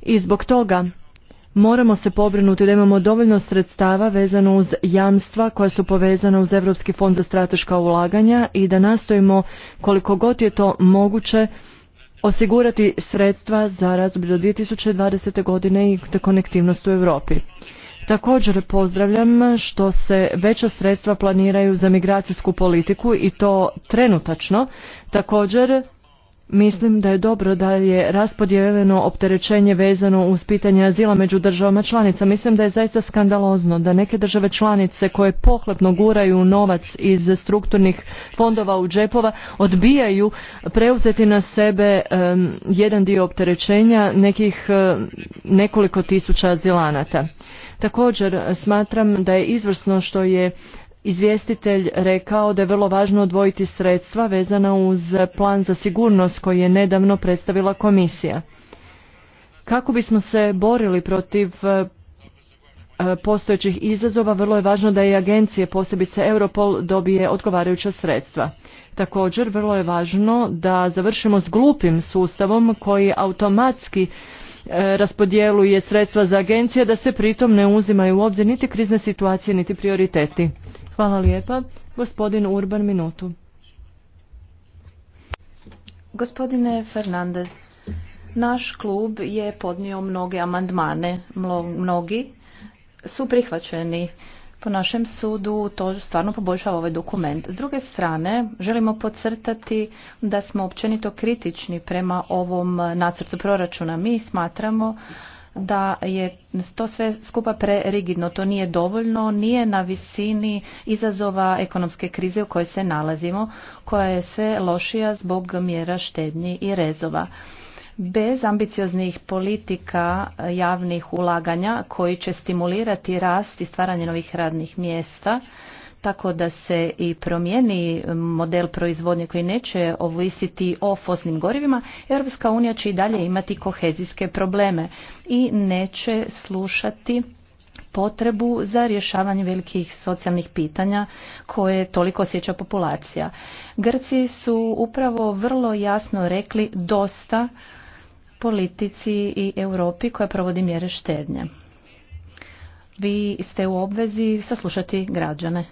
I zbog toga moramo se pobrinuti da imamo dovoljno sredstava vezano uz jamstva koja su povezana uz Europski fond za strateška ulaganja i da nastojimo koliko god je to moguće osigurati sredstva za razdoblje do 2020. godine i konektivnost u Europi. Također pozdravljam što se veća sredstva planiraju za migracijsku politiku i to trenutačno. Također Mislim da je dobro da je raspodijeljeno opterećenje vezano uz pitanje azila među državama članica. Mislim da je zaista skandalozno da neke države članice koje pohlepno guraju novac iz strukturnih fondova u džepova odbijaju preuzeti na sebe jedan dio opterećenja nekih nekoliko tisuća azilanata. Također smatram da je izvrsno što je izvjestitelj rekao da je vrlo važno odvojiti sredstva vezana uz plan za sigurnost koji je nedavno predstavila komisija. Kako bismo se borili protiv e, e, postojećih izazova, vrlo je važno da i agencije, posebice Europol, dobije odgovarajuća sredstva. Također, vrlo je važno da završimo s glupim sustavom koji automatski e, raspodjeluje sredstva za agencije, da se pritom ne uzimaju u obzir niti krizne situacije, niti prioriteti. Hvala lijepa. Gospodin Urban, minutu. Gospodine Fernandez, naš klub je podnio mnoge amandmane, mnogi su prihvaćeni. Po našem sudu to stvarno poboljšava ovaj dokument. S druge strane, želimo podcrtati da smo općenito kritični prema ovom nacrtu proračuna. Mi smatramo da je to sve skupa prerigidno. To nije dovoljno, nije na visini izazova ekonomske krize u kojoj se nalazimo, koja je sve lošija zbog mjera štednji i rezova bez ambicioznih politika javnih ulaganja koji će stimulirati rast i stvaranje novih radnih mjesta tako da se i promijeni model proizvodnje koji neće ovisiti o fosnim gorivima, Europska unija će i dalje imati kohezijske probleme i neće slušati potrebu za rješavanje velikih socijalnih pitanja koje toliko osjeća populacija. Grci su upravo vrlo jasno rekli dosta politici i Europi koja provodi mjere štednje. Vi ste u obvezi saslušati građane.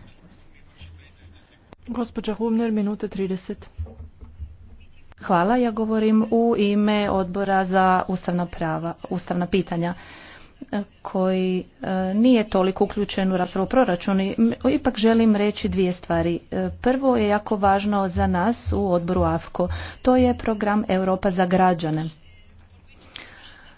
Gospođa Humner, minuta 30. Hvala, ja govorim u ime odbora za ustavna prava, ustavna pitanja e, koji e, nije toliko uključen u raspravu proračuni. Ipak želim reći dvije stvari. E, prvo je jako važno za nas u odboru AFKO. To je program Europa za građane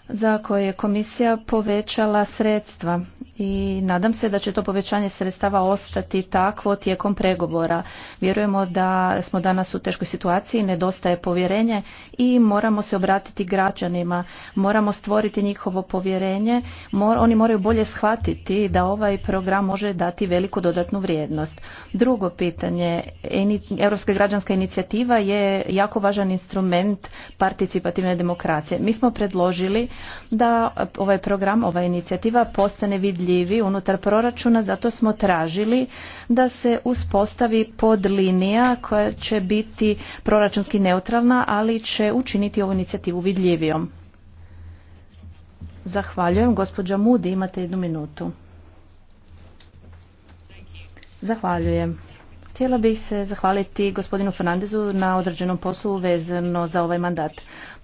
za koje je komisija povećala sredstva i nadam se da će to povećanje sredstava ostati takvo tijekom pregovora. Vjerujemo da smo danas u teškoj situaciji, nedostaje povjerenje i moramo se obratiti građanima, moramo stvoriti njihovo povjerenje, oni moraju bolje shvatiti da ovaj program može dati veliku dodatnu vrijednost. Drugo pitanje, Europska građanska inicijativa je jako važan instrument participativne demokracije. Mi smo predložili da ovaj program, ova inicijativa postane vidljiv vidljivi unutar proračuna, zato smo tražili da se uspostavi podlinija koja će biti proračunski neutralna, ali će učiniti ovu inicijativu vidljivijom. Zahvaljujem. Gospođa Mudi, imate jednu minutu. Zahvaljujem. Htjela bih se zahvaliti gospodinu Fernandezu na određenom poslu vezano za ovaj mandat.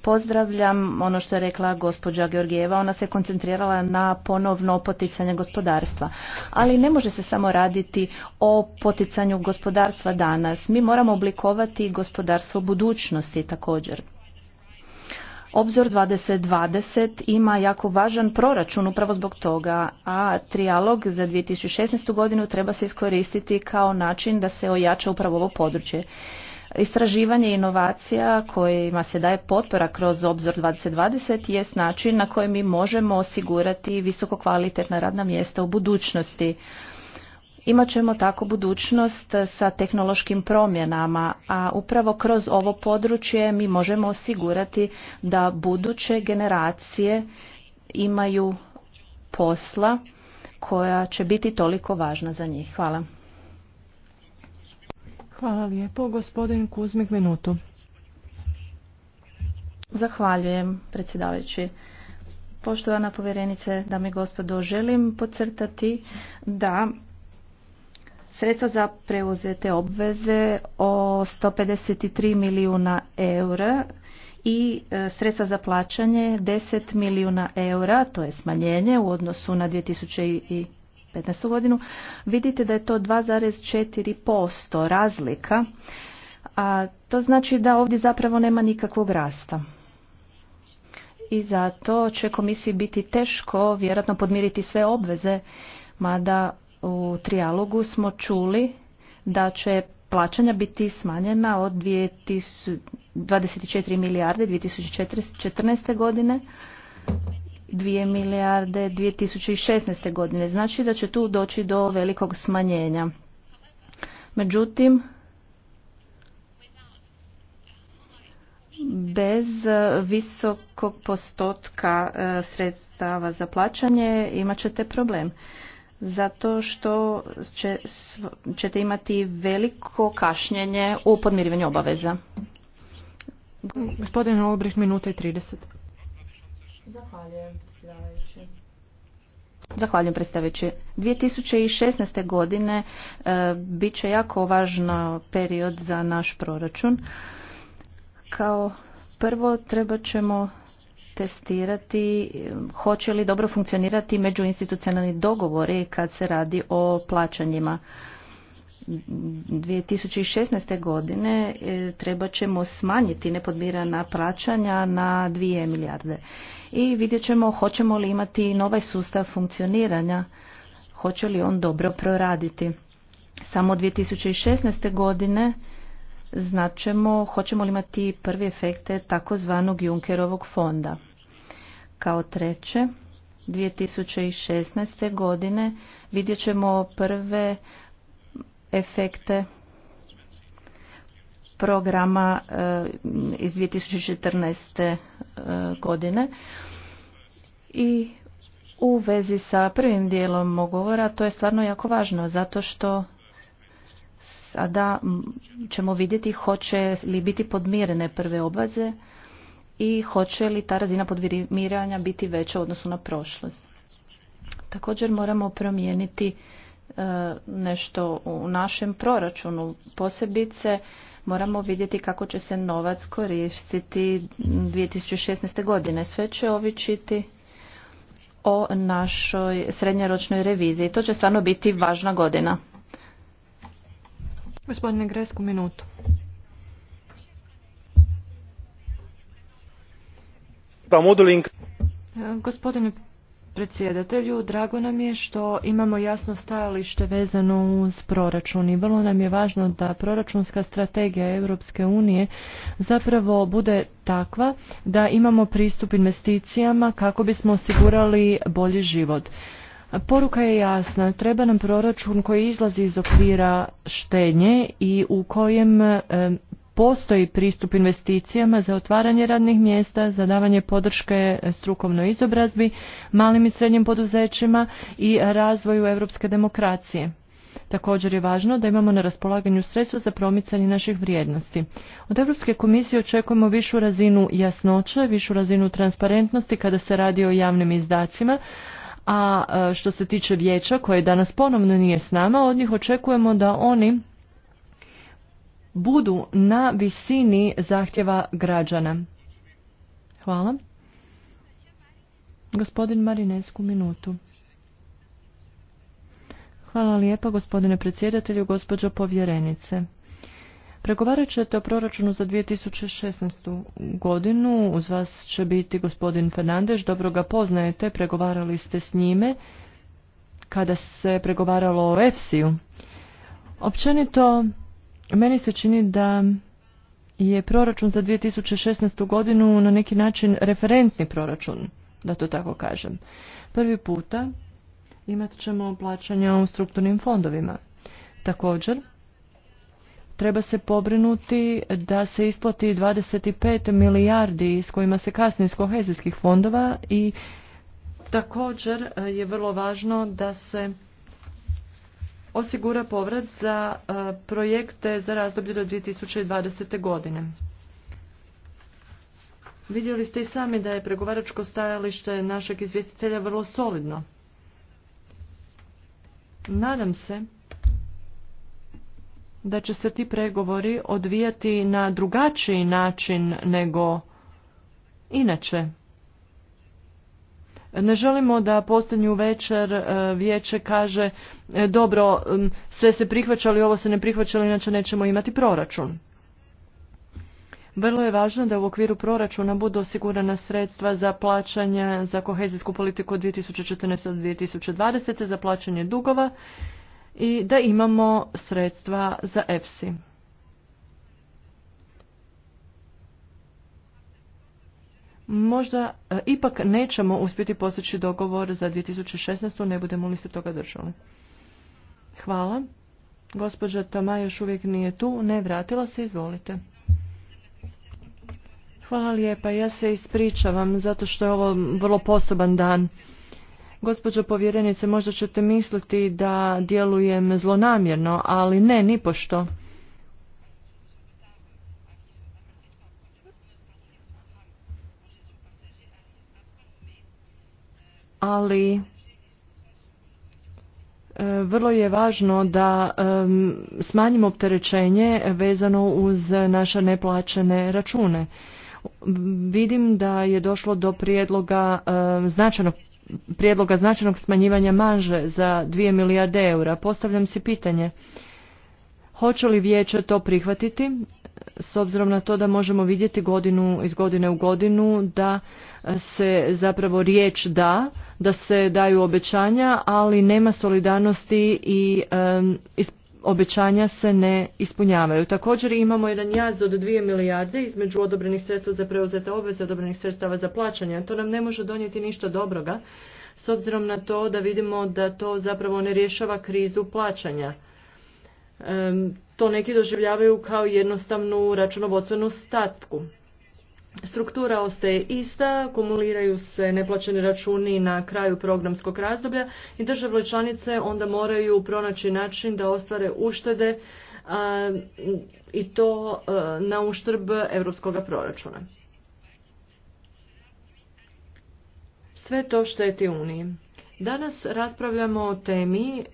Pozdravljam ono što je rekla gospođa Georgijeva, ona se koncentrirala na ponovno poticanje gospodarstva. Ali ne može se samo raditi o poticanju gospodarstva danas. Mi moramo oblikovati gospodarstvo budućnosti također. Obzor 2020 ima jako važan proračun upravo zbog toga, a trijalog za 2016. godinu treba se iskoristiti kao način da se ojača upravo ovo područje. Istraživanje inovacija kojima se daje potpora kroz obzor 2020 je način na koji mi možemo osigurati visoko kvalitetna radna mjesta u budućnosti. Imat ćemo tako budućnost sa tehnološkim promjenama, a upravo kroz ovo područje mi možemo osigurati da buduće generacije imaju posla koja će biti toliko važna za njih. Hvala. Hvala lijepo. Gospodin Kuzmik, minutu. Zahvaljujem, predsjedavajući. Poštovana povjerenice, dame i gospodo, želim podcrtati da Sredstva za preuzete obveze o 153 milijuna eura i e, sredstva za plaćanje 10 milijuna eura, to je smanjenje u odnosu na 2015. godinu, vidite da je to 2,4% razlika, a to znači da ovdje zapravo nema nikakvog rasta i zato će komisiji biti teško vjerojatno podmiriti sve obveze, mada u trijalogu smo čuli da će plaćanja biti smanjena od 24 milijarde 2014. godine 2 milijarde 2016. godine. Znači da će tu doći do velikog smanjenja. Međutim, bez visokog postotka e, sredstava za plaćanje imat ćete problem. Zato što ćete imati veliko kašnjenje u podmirivanju obaveza. Gospodin Olbrih, minuta i 30. Zahvaljujem, predsjedavajući. Zahvaljujem predstavajući. 2016. godine e, bit će jako važan period za naš proračun. Kao prvo treba ćemo testirati hoće li dobro funkcionirati međuinstitucionalni dogovori kad se radi o plaćanjima. 2016. godine e, treba ćemo smanjiti nepodmirana plaćanja na 2 milijarde. I vidjet ćemo hoćemo li imati novaj sustav funkcioniranja, hoće li on dobro proraditi. Samo 2016. godine značemo hoćemo li imati prvi efekte takozvanog Junkerovog fonda. Kao treće, 2016. godine vidjet ćemo prve efekte programa eh, iz 2014. Eh, godine i u vezi sa prvim dijelom govora, to je stvarno jako važno zato što sada ćemo vidjeti hoće li biti podmirene prve obaze i hoće li ta razina podmiranja biti veća u odnosu na prošlost. Također moramo promijeniti E, nešto u našem proračunu. Posebice moramo vidjeti kako će se novac koristiti 2016. godine. Sve će ovičiti o našoj srednjeročnoj reviziji. To će stvarno biti važna godina. Gospodine Gresku, minutu. Pa e, gospodine predsjedatelju. Drago nam je što imamo jasno stajalište vezano uz proračun i vrlo nam je važno da proračunska strategija Europske unije zapravo bude takva da imamo pristup investicijama kako bismo osigurali bolji život. Poruka je jasna, treba nam proračun koji izlazi iz okvira štenje i u kojem postoji pristup investicijama za otvaranje radnih mjesta, za davanje podrške strukovnoj izobrazbi, malim i srednjim poduzećima i razvoju europske demokracije. Također je važno da imamo na raspolaganju sredstva za promicanje naših vrijednosti. Od Europske komisije očekujemo višu razinu jasnoće, višu razinu transparentnosti kada se radi o javnim izdacima, a e, što se tiče vijeća koje danas ponovno nije s nama, od njih očekujemo da oni budu na visini zahtjeva građana. Hvala. Gospodin Marinesku minutu. Hvala lijepa gospodine predsjedatelju, gospođo povjerenice. Pregovarat ćete o proračunu za 2016. godinu. Uz vas će biti gospodin Fernandez. Dobro ga poznajete, pregovarali ste s njime kada se pregovaralo o EFSI-u. Općenito, meni se čini da je proračun za 2016. godinu na neki način referentni proračun, da to tako kažem. Prvi puta imat ćemo plaćanja u strukturnim fondovima. Također, treba se pobrinuti da se isplati 25 milijardi s kojima se kasni iz kohezijskih fondova i također je vrlo važno da se osigura povrat za e, projekte za razdoblje do 2020. godine. Vidjeli ste i sami da je pregovaračko stajalište našeg izvjestitelja vrlo solidno. Nadam se da će se ti pregovori odvijati na drugačiji način nego inače. Ne želimo da posljednju večer e, vijeće kaže e, dobro, sve se prihvaćali, ovo se ne prihvaća, inače nećemo imati proračun. Vrlo je važno da u okviru proračuna budu osigurana sredstva za plaćanje za kohezijsku politiku od 2014. do 2020. za plaćanje dugova i da imamo sredstva za EFSI. možda e, ipak nećemo uspjeti postići dogovor za 2016. ne budemo li se toga držali. Hvala. Gospođa Toma još uvijek nije tu, ne vratila se, izvolite. Hvala lijepa, ja se ispričavam zato što je ovo vrlo poseban dan. Gospođo povjerenice, možda ćete misliti da djelujem zlonamjerno, ali ne, nipošto. ali e, vrlo je važno da e, smanjimo opterećenje vezano uz naše neplaćene račune. Vidim da je došlo do prijedloga e, značajnog prijedloga značajnog smanjivanja manže za 2 milijarde eura. Postavljam si pitanje, hoće li vijeće to prihvatiti s obzirom na to da možemo vidjeti godinu iz godine u godinu da se zapravo riječ da, da se daju obećanja, ali nema solidarnosti i obećanja se ne ispunjavaju. Također imamo jedan jaz od 2 milijarde između odobrenih sredstva za preuzete obveze, odobrenih sredstava za plaćanje. To nam ne može donijeti ništa dobroga, s obzirom na to da vidimo da to zapravo ne rješava krizu plaćanja. To neki doživljavaju kao jednostavnu računovodstvenu statku. Struktura ostaje ista, kumuliraju se neplaćeni računi na kraju programskog razdoblja i države članice onda moraju pronaći način da ostvare uštede i to na uštrb evropskog proračuna. Sve to šteti Uniji. Danas raspravljamo o temi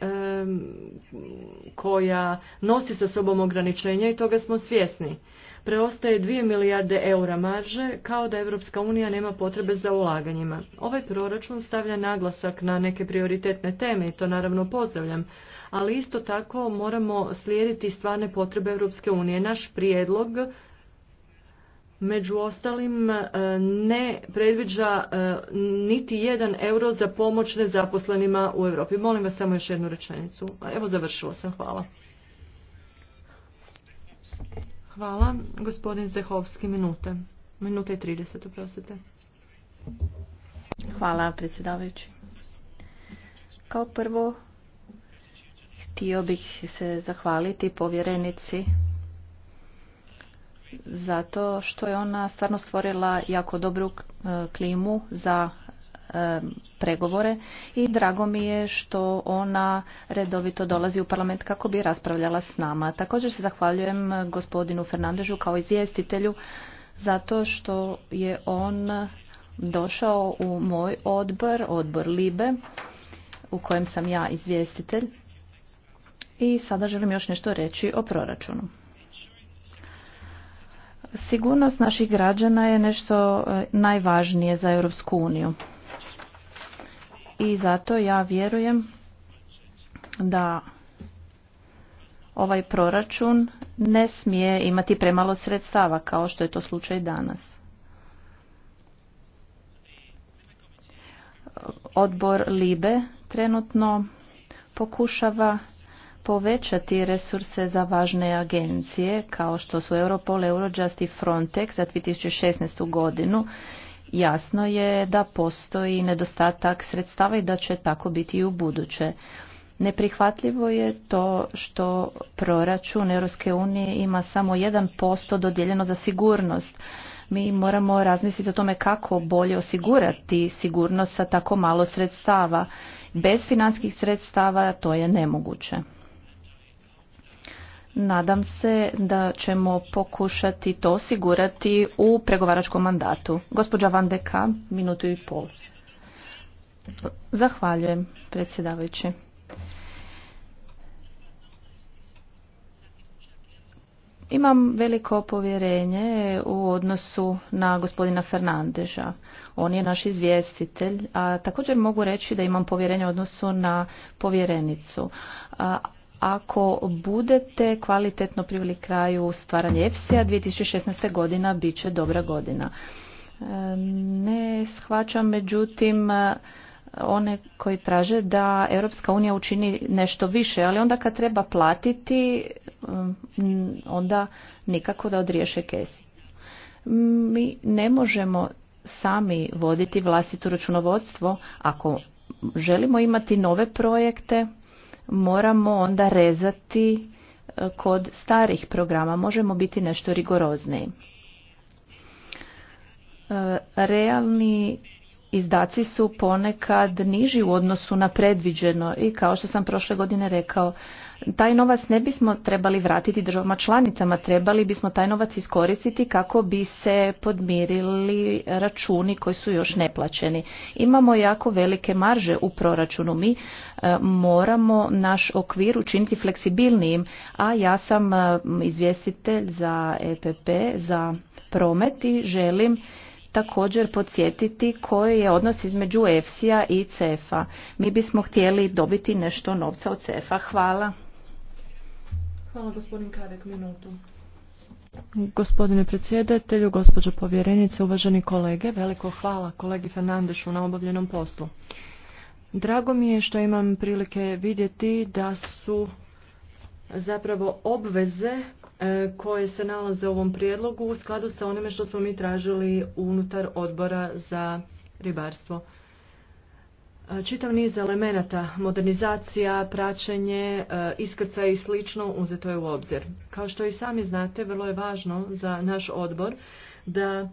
koja nosi sa sobom ograničenja i toga smo svjesni. Preostaje 2 milijarde eura marže kao da Europska unija nema potrebe za ulaganjima. Ovaj proračun stavlja naglasak na neke prioritetne teme i to naravno pozdravljam, ali isto tako moramo slijediti stvarne potrebe Europske unije. Naš prijedlog među ostalim e, ne predviđa e, niti jedan euro za pomoć nezaposlenima u Europi. Molim vas samo još jednu rečenicu. Evo završila sam. Hvala. Hvala. Gospodin Zehovski, minute. Minute i 30, oprostite. Hvala, predsjedavajući. Kao prvo, htio bih se zahvaliti povjerenici zato što je ona stvarno stvorila jako dobru e, klimu za e, pregovore i drago mi je što ona redovito dolazi u parlament kako bi raspravljala s nama. Također se zahvaljujem gospodinu Fernandežu kao izvjestitelju zato što je on došao u moj odbor, odbor Libe, u kojem sam ja izvjestitelj. I sada želim još nešto reći o proračunu. Sigurnost naših građana je nešto e, najvažnije za Europsku uniju. I zato ja vjerujem da ovaj proračun ne smije imati premalo sredstava kao što je to slučaj danas. Odbor Libe trenutno pokušava povećati resurse za važne agencije kao što su Europol, Eurojust i Frontex za 2016. godinu. Jasno je da postoji nedostatak sredstava i da će tako biti i u buduće. Neprihvatljivo je to što proračun Europske unije ima samo 1% dodijeljeno za sigurnost. Mi moramo razmisliti o tome kako bolje osigurati sigurnost sa tako malo sredstava. Bez financijskih sredstava to je nemoguće. Nadam se da ćemo pokušati to osigurati u pregovaračkom mandatu. Gospođa Van de minutu i pol. Zahvaljujem, predsjedavajući. Imam veliko povjerenje u odnosu na gospodina Fernandeža. On je naš izvjestitelj, a također mogu reći da imam povjerenje u odnosu na povjerenicu ako budete kvalitetno privili kraju stvaranje EFSI-a, 2016. godina bit će dobra godina. E, ne shvaćam, međutim, e, one koji traže da Europska unija učini nešto više, ali onda kad treba platiti, onda nikako da odriješe kesi. Mi ne možemo sami voditi vlastito računovodstvo ako želimo imati nove projekte, moramo onda rezati e, kod starih programa, možemo biti nešto rigorozniji. E, realni izdaci su ponekad niži u odnosu na predviđeno i kao što sam prošle godine rekao, taj novac ne bismo trebali vratiti državama članicama, trebali bismo taj novac iskoristiti kako bi se podmirili računi koji su još neplaćeni. Imamo jako velike marže u proračunu, mi e, moramo naš okvir učiniti fleksibilnijim, a ja sam e, izvjestitelj za EPP, za promet i želim također podsjetiti koji je odnos između EFSI-a i CEF-a. Mi bismo htjeli dobiti nešto novca od CEF-a. Hvala. Hvala gospodin Kadek, minutu. Gospodine predsjedatelju, gospođo povjerenice, uvaženi kolege, veliko hvala kolegi Fernandešu na obavljenom poslu. Drago mi je što imam prilike vidjeti da su zapravo obveze e, koje se nalaze u ovom prijedlogu u skladu sa onime što smo mi tražili unutar odbora za ribarstvo. E, čitav niz elemenata, modernizacija, praćenje, e, iskrca i slično uzeto je u obzir. Kao što i sami znate, vrlo je važno za naš odbor da e,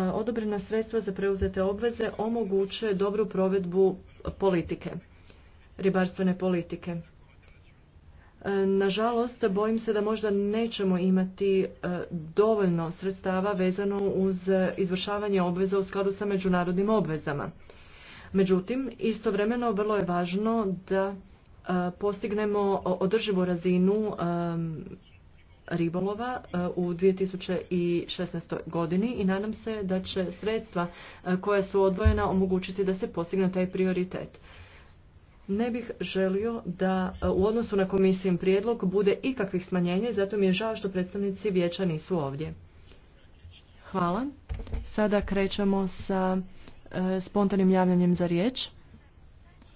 odobrena sredstva za preuzete obveze omoguće dobru provedbu politike, ribarstvene politike. Nažalost, bojim se da možda nećemo imati dovoljno sredstava vezano uz izvršavanje obveza u skladu sa međunarodnim obvezama. Međutim, istovremeno vrlo je važno da e, postignemo održivu razinu e, ribolova e, u 2016. godini i nadam se da će sredstva koja su odvojena omogućiti da se postigne taj prioritet. Ne bih želio da u odnosu na komisijen prijedlog bude ikakvih smanjenja i zato mi je žao što predstavnici vijeća nisu ovdje. Hvala. Sada krećemo sa E, spontanim javljanjem za riječ.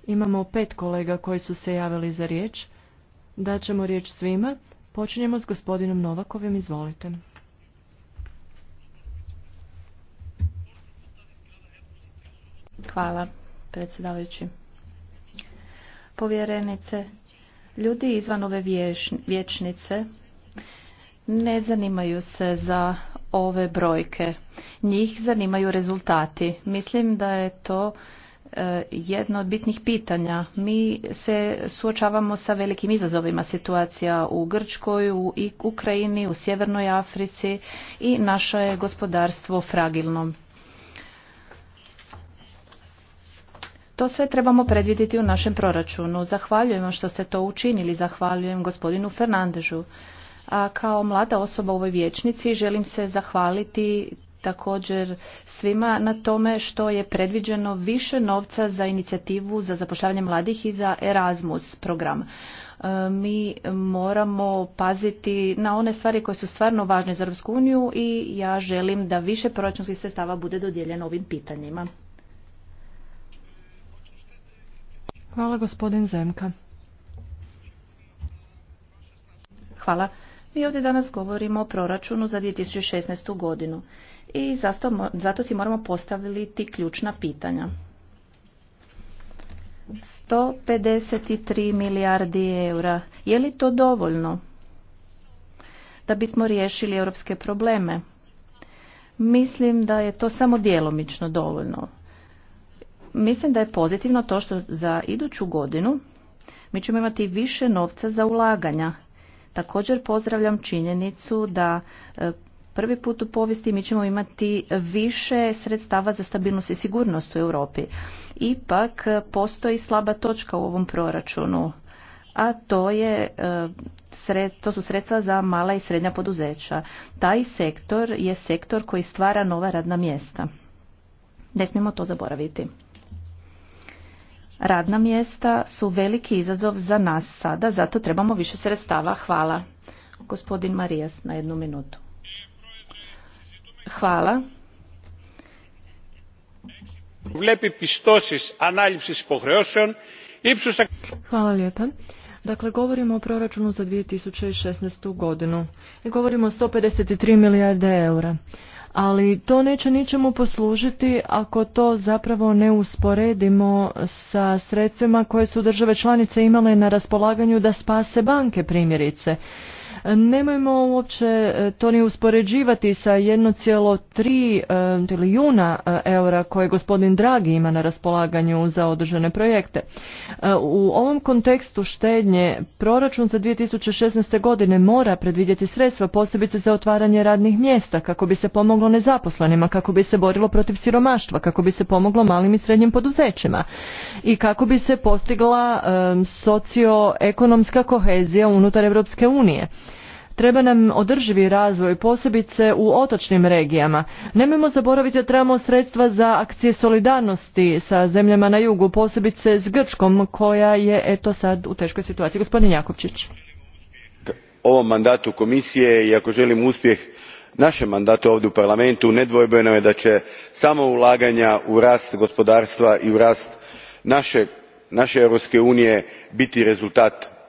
Imamo pet kolega koji su se javili za riječ. Daćemo riječ svima. Počinjemo s gospodinom Novakovim. Izvolite. Hvala, predsjedavajući. Povjerenice, ljudi izvan ove vječnice ne zanimaju se za ove brojke. Njih zanimaju rezultati. Mislim da je to e, jedno od bitnih pitanja. Mi se suočavamo sa velikim izazovima situacija u Grčkoj, u Ukrajini, u Sjevernoj Africi i naše je gospodarstvo fragilno. To sve trebamo predvidjeti u našem proračunu. Zahvaljujem što ste to učinili, zahvaljujem gospodinu Fernandežu. A kao mlada osoba u ovoj vječnici želim se zahvaliti također svima na tome što je predviđeno više novca za inicijativu za zapošljavanje mladih i za Erasmus program e, mi moramo paziti na one stvari koje su stvarno važne za Europsku uniju i ja želim da više proračunskih sredstava bude dodijeljeno ovim pitanjima. Hvala gospodin Zemka. Hvala. Mi ovdje danas govorimo o proračunu za 2016. godinu i zato, zato si moramo postaviti ključna pitanja. 153 milijardi eura. Je li to dovoljno da bismo riješili europske probleme? Mislim da je to samo djelomično dovoljno. Mislim da je pozitivno to što za iduću godinu mi ćemo imati više novca za ulaganja Također pozdravljam činjenicu da e, prvi put u povijesti mi ćemo imati više sredstava za stabilnost i sigurnost u Europi. Ipak e, postoji slaba točka u ovom proračunu, a to je e, to su sredstva za mala i srednja poduzeća. Taj sektor je sektor koji stvara nova radna mjesta. Ne smijemo to zaboraviti. Radna mjesta su veliki izazov za nas sada, zato trebamo više sredstava. Hvala. Gospodin Marijas na jednu minutu. Hvala. Hvala lijepa. Dakle, govorimo o proračunu za 2016. godinu i govorimo o 153 milijarde eura ali to neće ničemu poslužiti ako to zapravo ne usporedimo sa sredstvima koje su države članice imale na raspolaganju da spase banke primjerice. Nemojmo uopće e, to ni uspoređivati sa 1,3 e, trilijuna e, eura koje gospodin Dragi ima na raspolaganju za održane projekte. U ovom kontekstu štednje proračun za 2016. godine mora predvidjeti sredstva posebice za otvaranje radnih mjesta kako bi se pomoglo nezaposlenima, kako bi se borilo protiv siromaštva, kako bi se pomoglo malim i srednjim poduzećima i kako bi se postigla socioekonomska kohezija unutar Europske unije. Treba nam održivi razvoj, posebice u otočnim regijama. Nemojmo zaboraviti da trebamo sredstva za akcije solidarnosti sa zemljama na jugu, posebice s Grčkom, koja je eto sad u teškoj situaciji. Gospodin Jakovčić. Ovom mandatu komisije i ako želim uspjeh našem mandatu ovdje u parlamentu nedvojbeno je da će samo ulaganja u rast gospodarstva i u rast naše, naše europske unije biti rezultat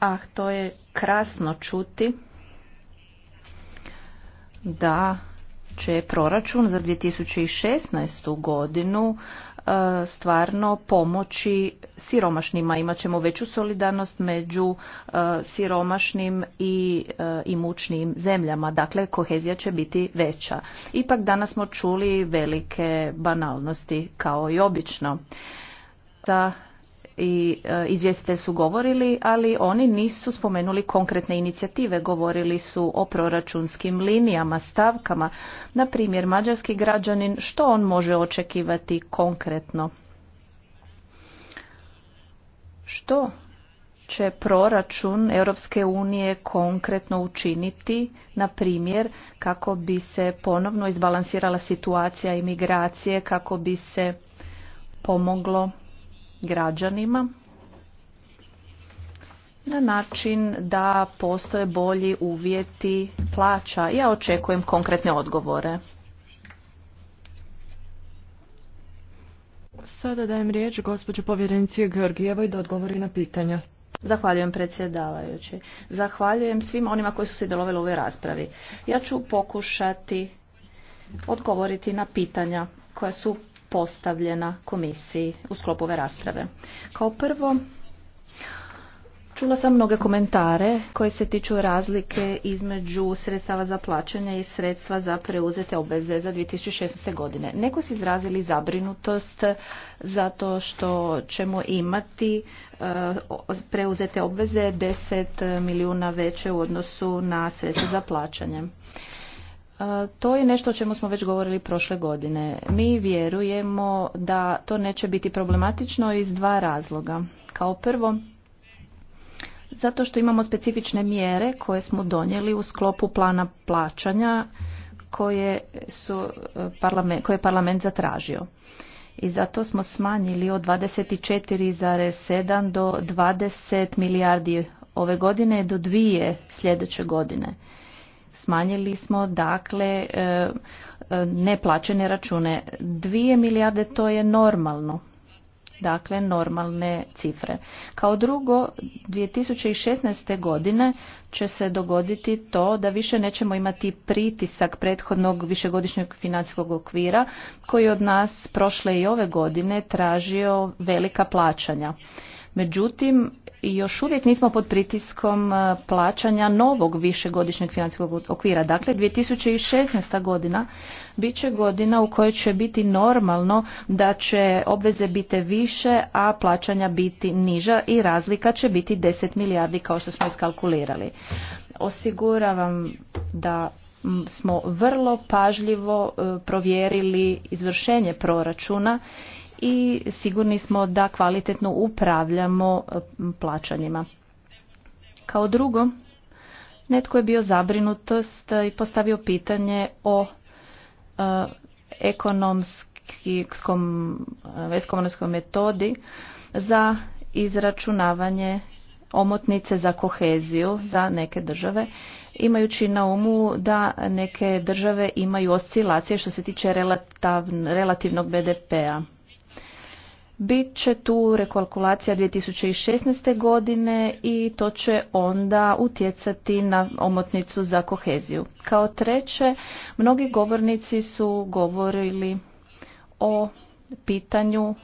a to je krasno čuti da će proračun za 2016. godinu e, stvarno pomoći siromašnima. Imaćemo veću solidarnost među e, siromašnim i e, imućnim zemljama. Dakle, kohezija će biti veća. Ipak danas smo čuli velike banalnosti kao i obično. Da i e, izvjestitelj su govorili, ali oni nisu spomenuli konkretne inicijative, govorili su o proračunskim linijama, stavkama. Na primjer, mađarski građanin, što on može očekivati konkretno? Što će proračun Europske unije konkretno učiniti, na primjer, kako bi se ponovno izbalansirala situacija imigracije, kako bi se pomoglo građanima na način da postoje bolji uvjeti plaća. Ja očekujem konkretne odgovore. Sada dajem riječ gospođo povjerenici Georgijevoj da odgovori na pitanja. Zahvaljujem predsjedavajući. Zahvaljujem svim onima koji su se sudjelovali u ovoj raspravi. Ja ću pokušati odgovoriti na pitanja koja su postavljena komisiji u sklopu ove rasprave. Kao prvo, Čula sam mnoge komentare koje se tiču razlike između sredstava za plaćanje i sredstva za preuzete obveze za 2016. godine. Neko su izrazili zabrinutost zato što ćemo imati eh, preuzete obveze 10 milijuna veće u odnosu na sredstva za plaćanje. To je nešto o čemu smo već govorili prošle godine. Mi vjerujemo da to neće biti problematično iz dva razloga. Kao prvo, zato što imamo specifične mjere koje smo donijeli u sklopu plana plaćanja koje, e, parlament, koje je parlament zatražio. I zato smo smanjili od 24,7 do 20 milijardi ove godine do dvije sljedeće godine. Smanjili smo dakle e, e, neplaćene račune. 2 milijarde to je normalno. Dakle, normalne cifre. Kao drugo, 2016. godine će se dogoditi to da više nećemo imati pritisak prethodnog višegodišnjeg financijskog okvira koji od nas prošle i ove godine tražio velika plaćanja. Međutim, još uvijek nismo pod pritiskom e, plaćanja novog višegodišnjeg financijskog okvira. Dakle, 2016. godina bit će godina u kojoj će biti normalno da će obveze biti više, a plaćanja biti niža i razlika će biti 10 milijardi kao što smo iskalkulirali. Osiguravam da smo vrlo pažljivo e, provjerili izvršenje proračuna i sigurni smo da kvalitetno upravljamo e, plaćanjima. Kao drugo, netko je bio zabrinutost i postavio pitanje o e, ekonomskom, e, metodi za izračunavanje omotnice za koheziju za neke države imajući na umu da neke države imaju oscilacije što se tiče relativnog BDP-a. Bit će tu rekalkulacija 2016. godine i to će onda utjecati na omotnicu za koheziju. Kao treće, mnogi govornici su govorili o pitanju e,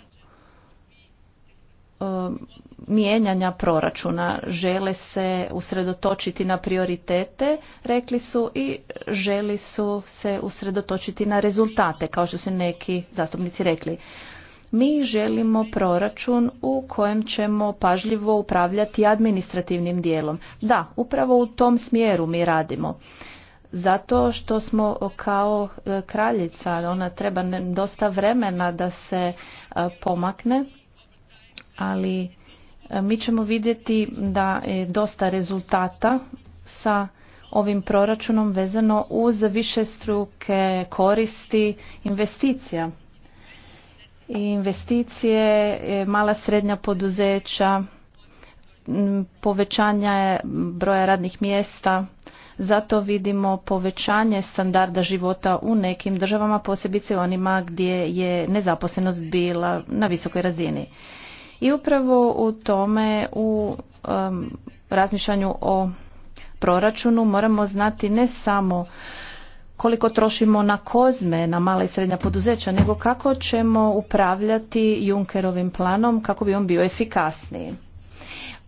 mijenjanja proračuna, žele se usredotočiti na prioritete, rekli su i želi su se usredotočiti na rezultate, kao što su neki zastupnici rekli. Mi želimo proračun u kojem ćemo pažljivo upravljati administrativnim dijelom. Da, upravo u tom smjeru mi radimo. Zato što smo kao e, kraljica, ona treba dosta vremena da se e, pomakne, ali e, mi ćemo vidjeti da je dosta rezultata sa ovim proračunom vezano uz struke koristi investicija investicije, e, mala srednja poduzeća, povećanja broja radnih mjesta, zato vidimo povećanje standarda života u nekim državama, posebice onima gdje je nezaposlenost bila na visokoj razini. I upravo u tome, u razmišljanju o proračunu moramo znati ne samo koliko trošimo na kozme, na mala i srednja poduzeća, nego kako ćemo upravljati Junkerovim planom kako bi on bio efikasniji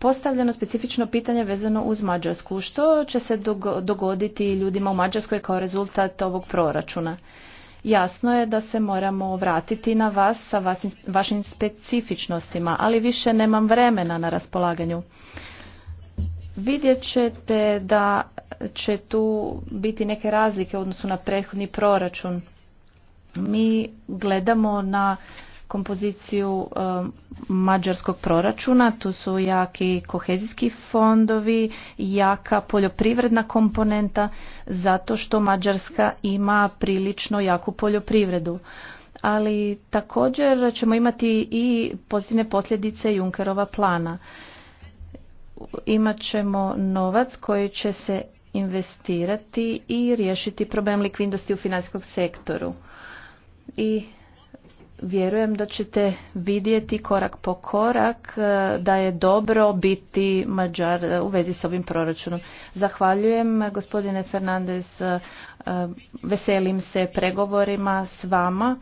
postavljeno specifično pitanje vezano uz Mađarsku. Što će se dogoditi ljudima u Mađarskoj kao rezultat ovog proračuna? Jasno je da se moramo vratiti na vas sa vašim specifičnostima, ali više nemam vremena na raspolaganju vidjet ćete da će tu biti neke razlike u odnosu na prethodni proračun. Mi gledamo na kompoziciju um, mađarskog proračuna, tu su jaki kohezijski fondovi, jaka poljoprivredna komponenta, zato što Mađarska ima prilično jaku poljoprivredu. Ali također ćemo imati i pozitivne posljedice Junkerova plana imat ćemo novac koji će se investirati i riješiti problem likvidnosti u financijskom sektoru. I vjerujem da ćete vidjeti korak po korak e, da je dobro biti Mađar e, u vezi s ovim proračunom. Zahvaljujem gospodine Fernandez, e, veselim se pregovorima s vama.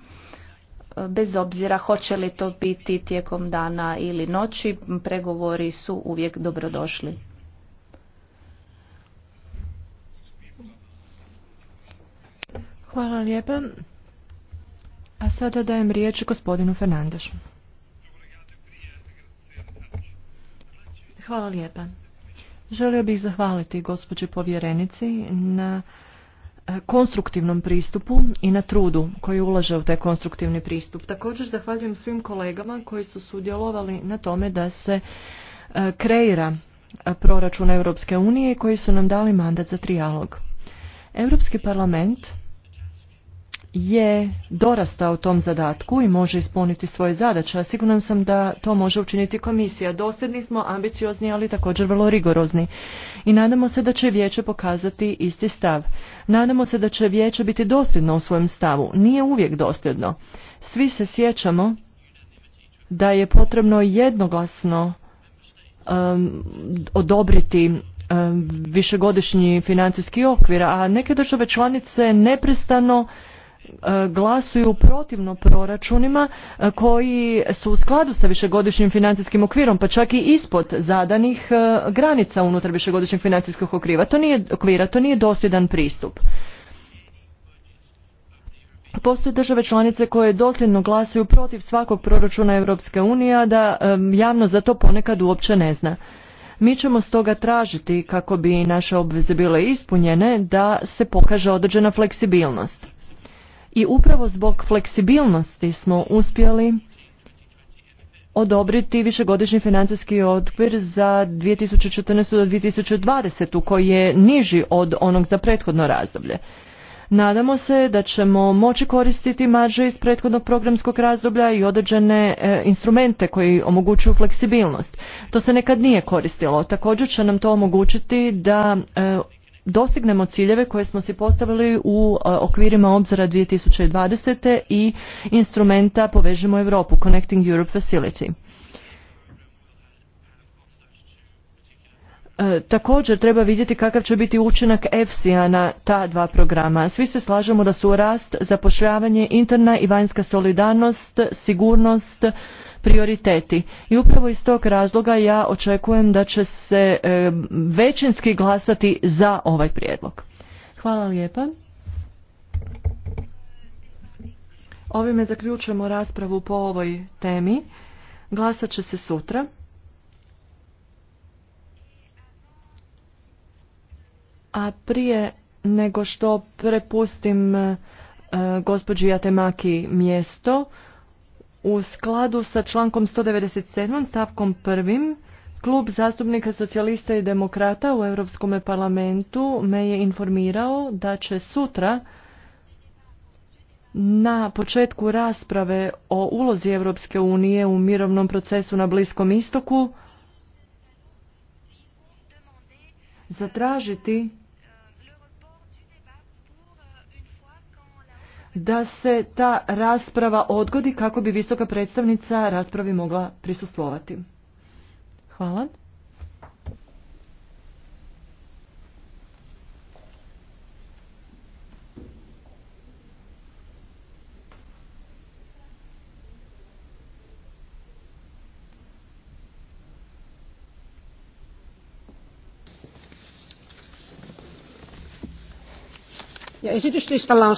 E, bez obzira hoće li to biti tijekom dana ili noći, pregovori su uvijek dobrodošli. Hvala lijepa. A sada dajem riječ gospodinu Fernandešu. Hvala lijepa. Želio bih zahvaliti gospođi povjerenici na konstruktivnom pristupu i na trudu koji ulaže u taj konstruktivni pristup. Također zahvaljujem svim kolegama koji su sudjelovali na tome da se e, kreira e, proračun Europske unije koji su nam dali mandat za trijalog. Europski parlament je dorastao tom zadatku i može ispuniti svoje zadaće. Siguran sam da to može učiniti komisija. Dosljedni smo, ambiciozni, ali također vrlo rigorozni. I nadamo se da će vijeće pokazati isti stav. Nadamo se da će vijeće biti dosljedno u svojem stavu. Nije uvijek dosljedno. Svi se sjećamo da je potrebno jednoglasno um, odobriti um, višegodišnji financijski okvir, a neke države članice neprestano E, glasuju protivno proračunima e, koji su u skladu sa višegodišnjim financijskim okvirom, pa čak i ispod zadanih e, granica unutar višegodišnjeg financijskog okvira. To nije, okvira, to nije dosljedan pristup. Postoje države članice koje dosljedno glasuju protiv svakog proračuna Europske unije, a da javno za to ponekad uopće ne zna. Mi ćemo stoga tražiti, kako bi naše obveze bile ispunjene, da se pokaže određena fleksibilnost i upravo zbog fleksibilnosti smo uspjeli odobriti višegodišnji financijski okvir za 2014. do 2020. koji je niži od onog za prethodno razdoblje. Nadamo se da ćemo moći koristiti marže iz prethodnog programskog razdoblja i određene e, instrumente koji omogućuju fleksibilnost. To se nekad nije koristilo. Također će nam to omogućiti da e, dostignemo ciljeve koje smo si postavili u e, okvirima obzora 2020. i instrumenta Povežemo Europu, Connecting Europe Facility. E, također treba vidjeti kakav će biti učinak EFSI-a na ta dva programa. Svi se slažemo da su rast, zapošljavanje, interna i vanjska solidarnost, sigurnost, prioriteti. I upravo iz tog razloga ja očekujem da će se e, većinski glasati za ovaj prijedlog. Hvala lijepa. Ovime zaključujemo raspravu po ovoj temi. Glasat će se sutra. A prije nego što prepustim e, gospođi Jatemaki mjesto, u skladu sa člankom 197. stavkom 1. Klub zastupnika socijalista i demokrata u Europskom parlamentu me je informirao da će sutra na početku rasprave o ulozi Europske unije u mirovnom procesu na Bliskom istoku zatražiti da se ta rasprava odgodi kako bi visoka predstavnica raspravi mogla prisustvovati. Hvala. esityslistalla on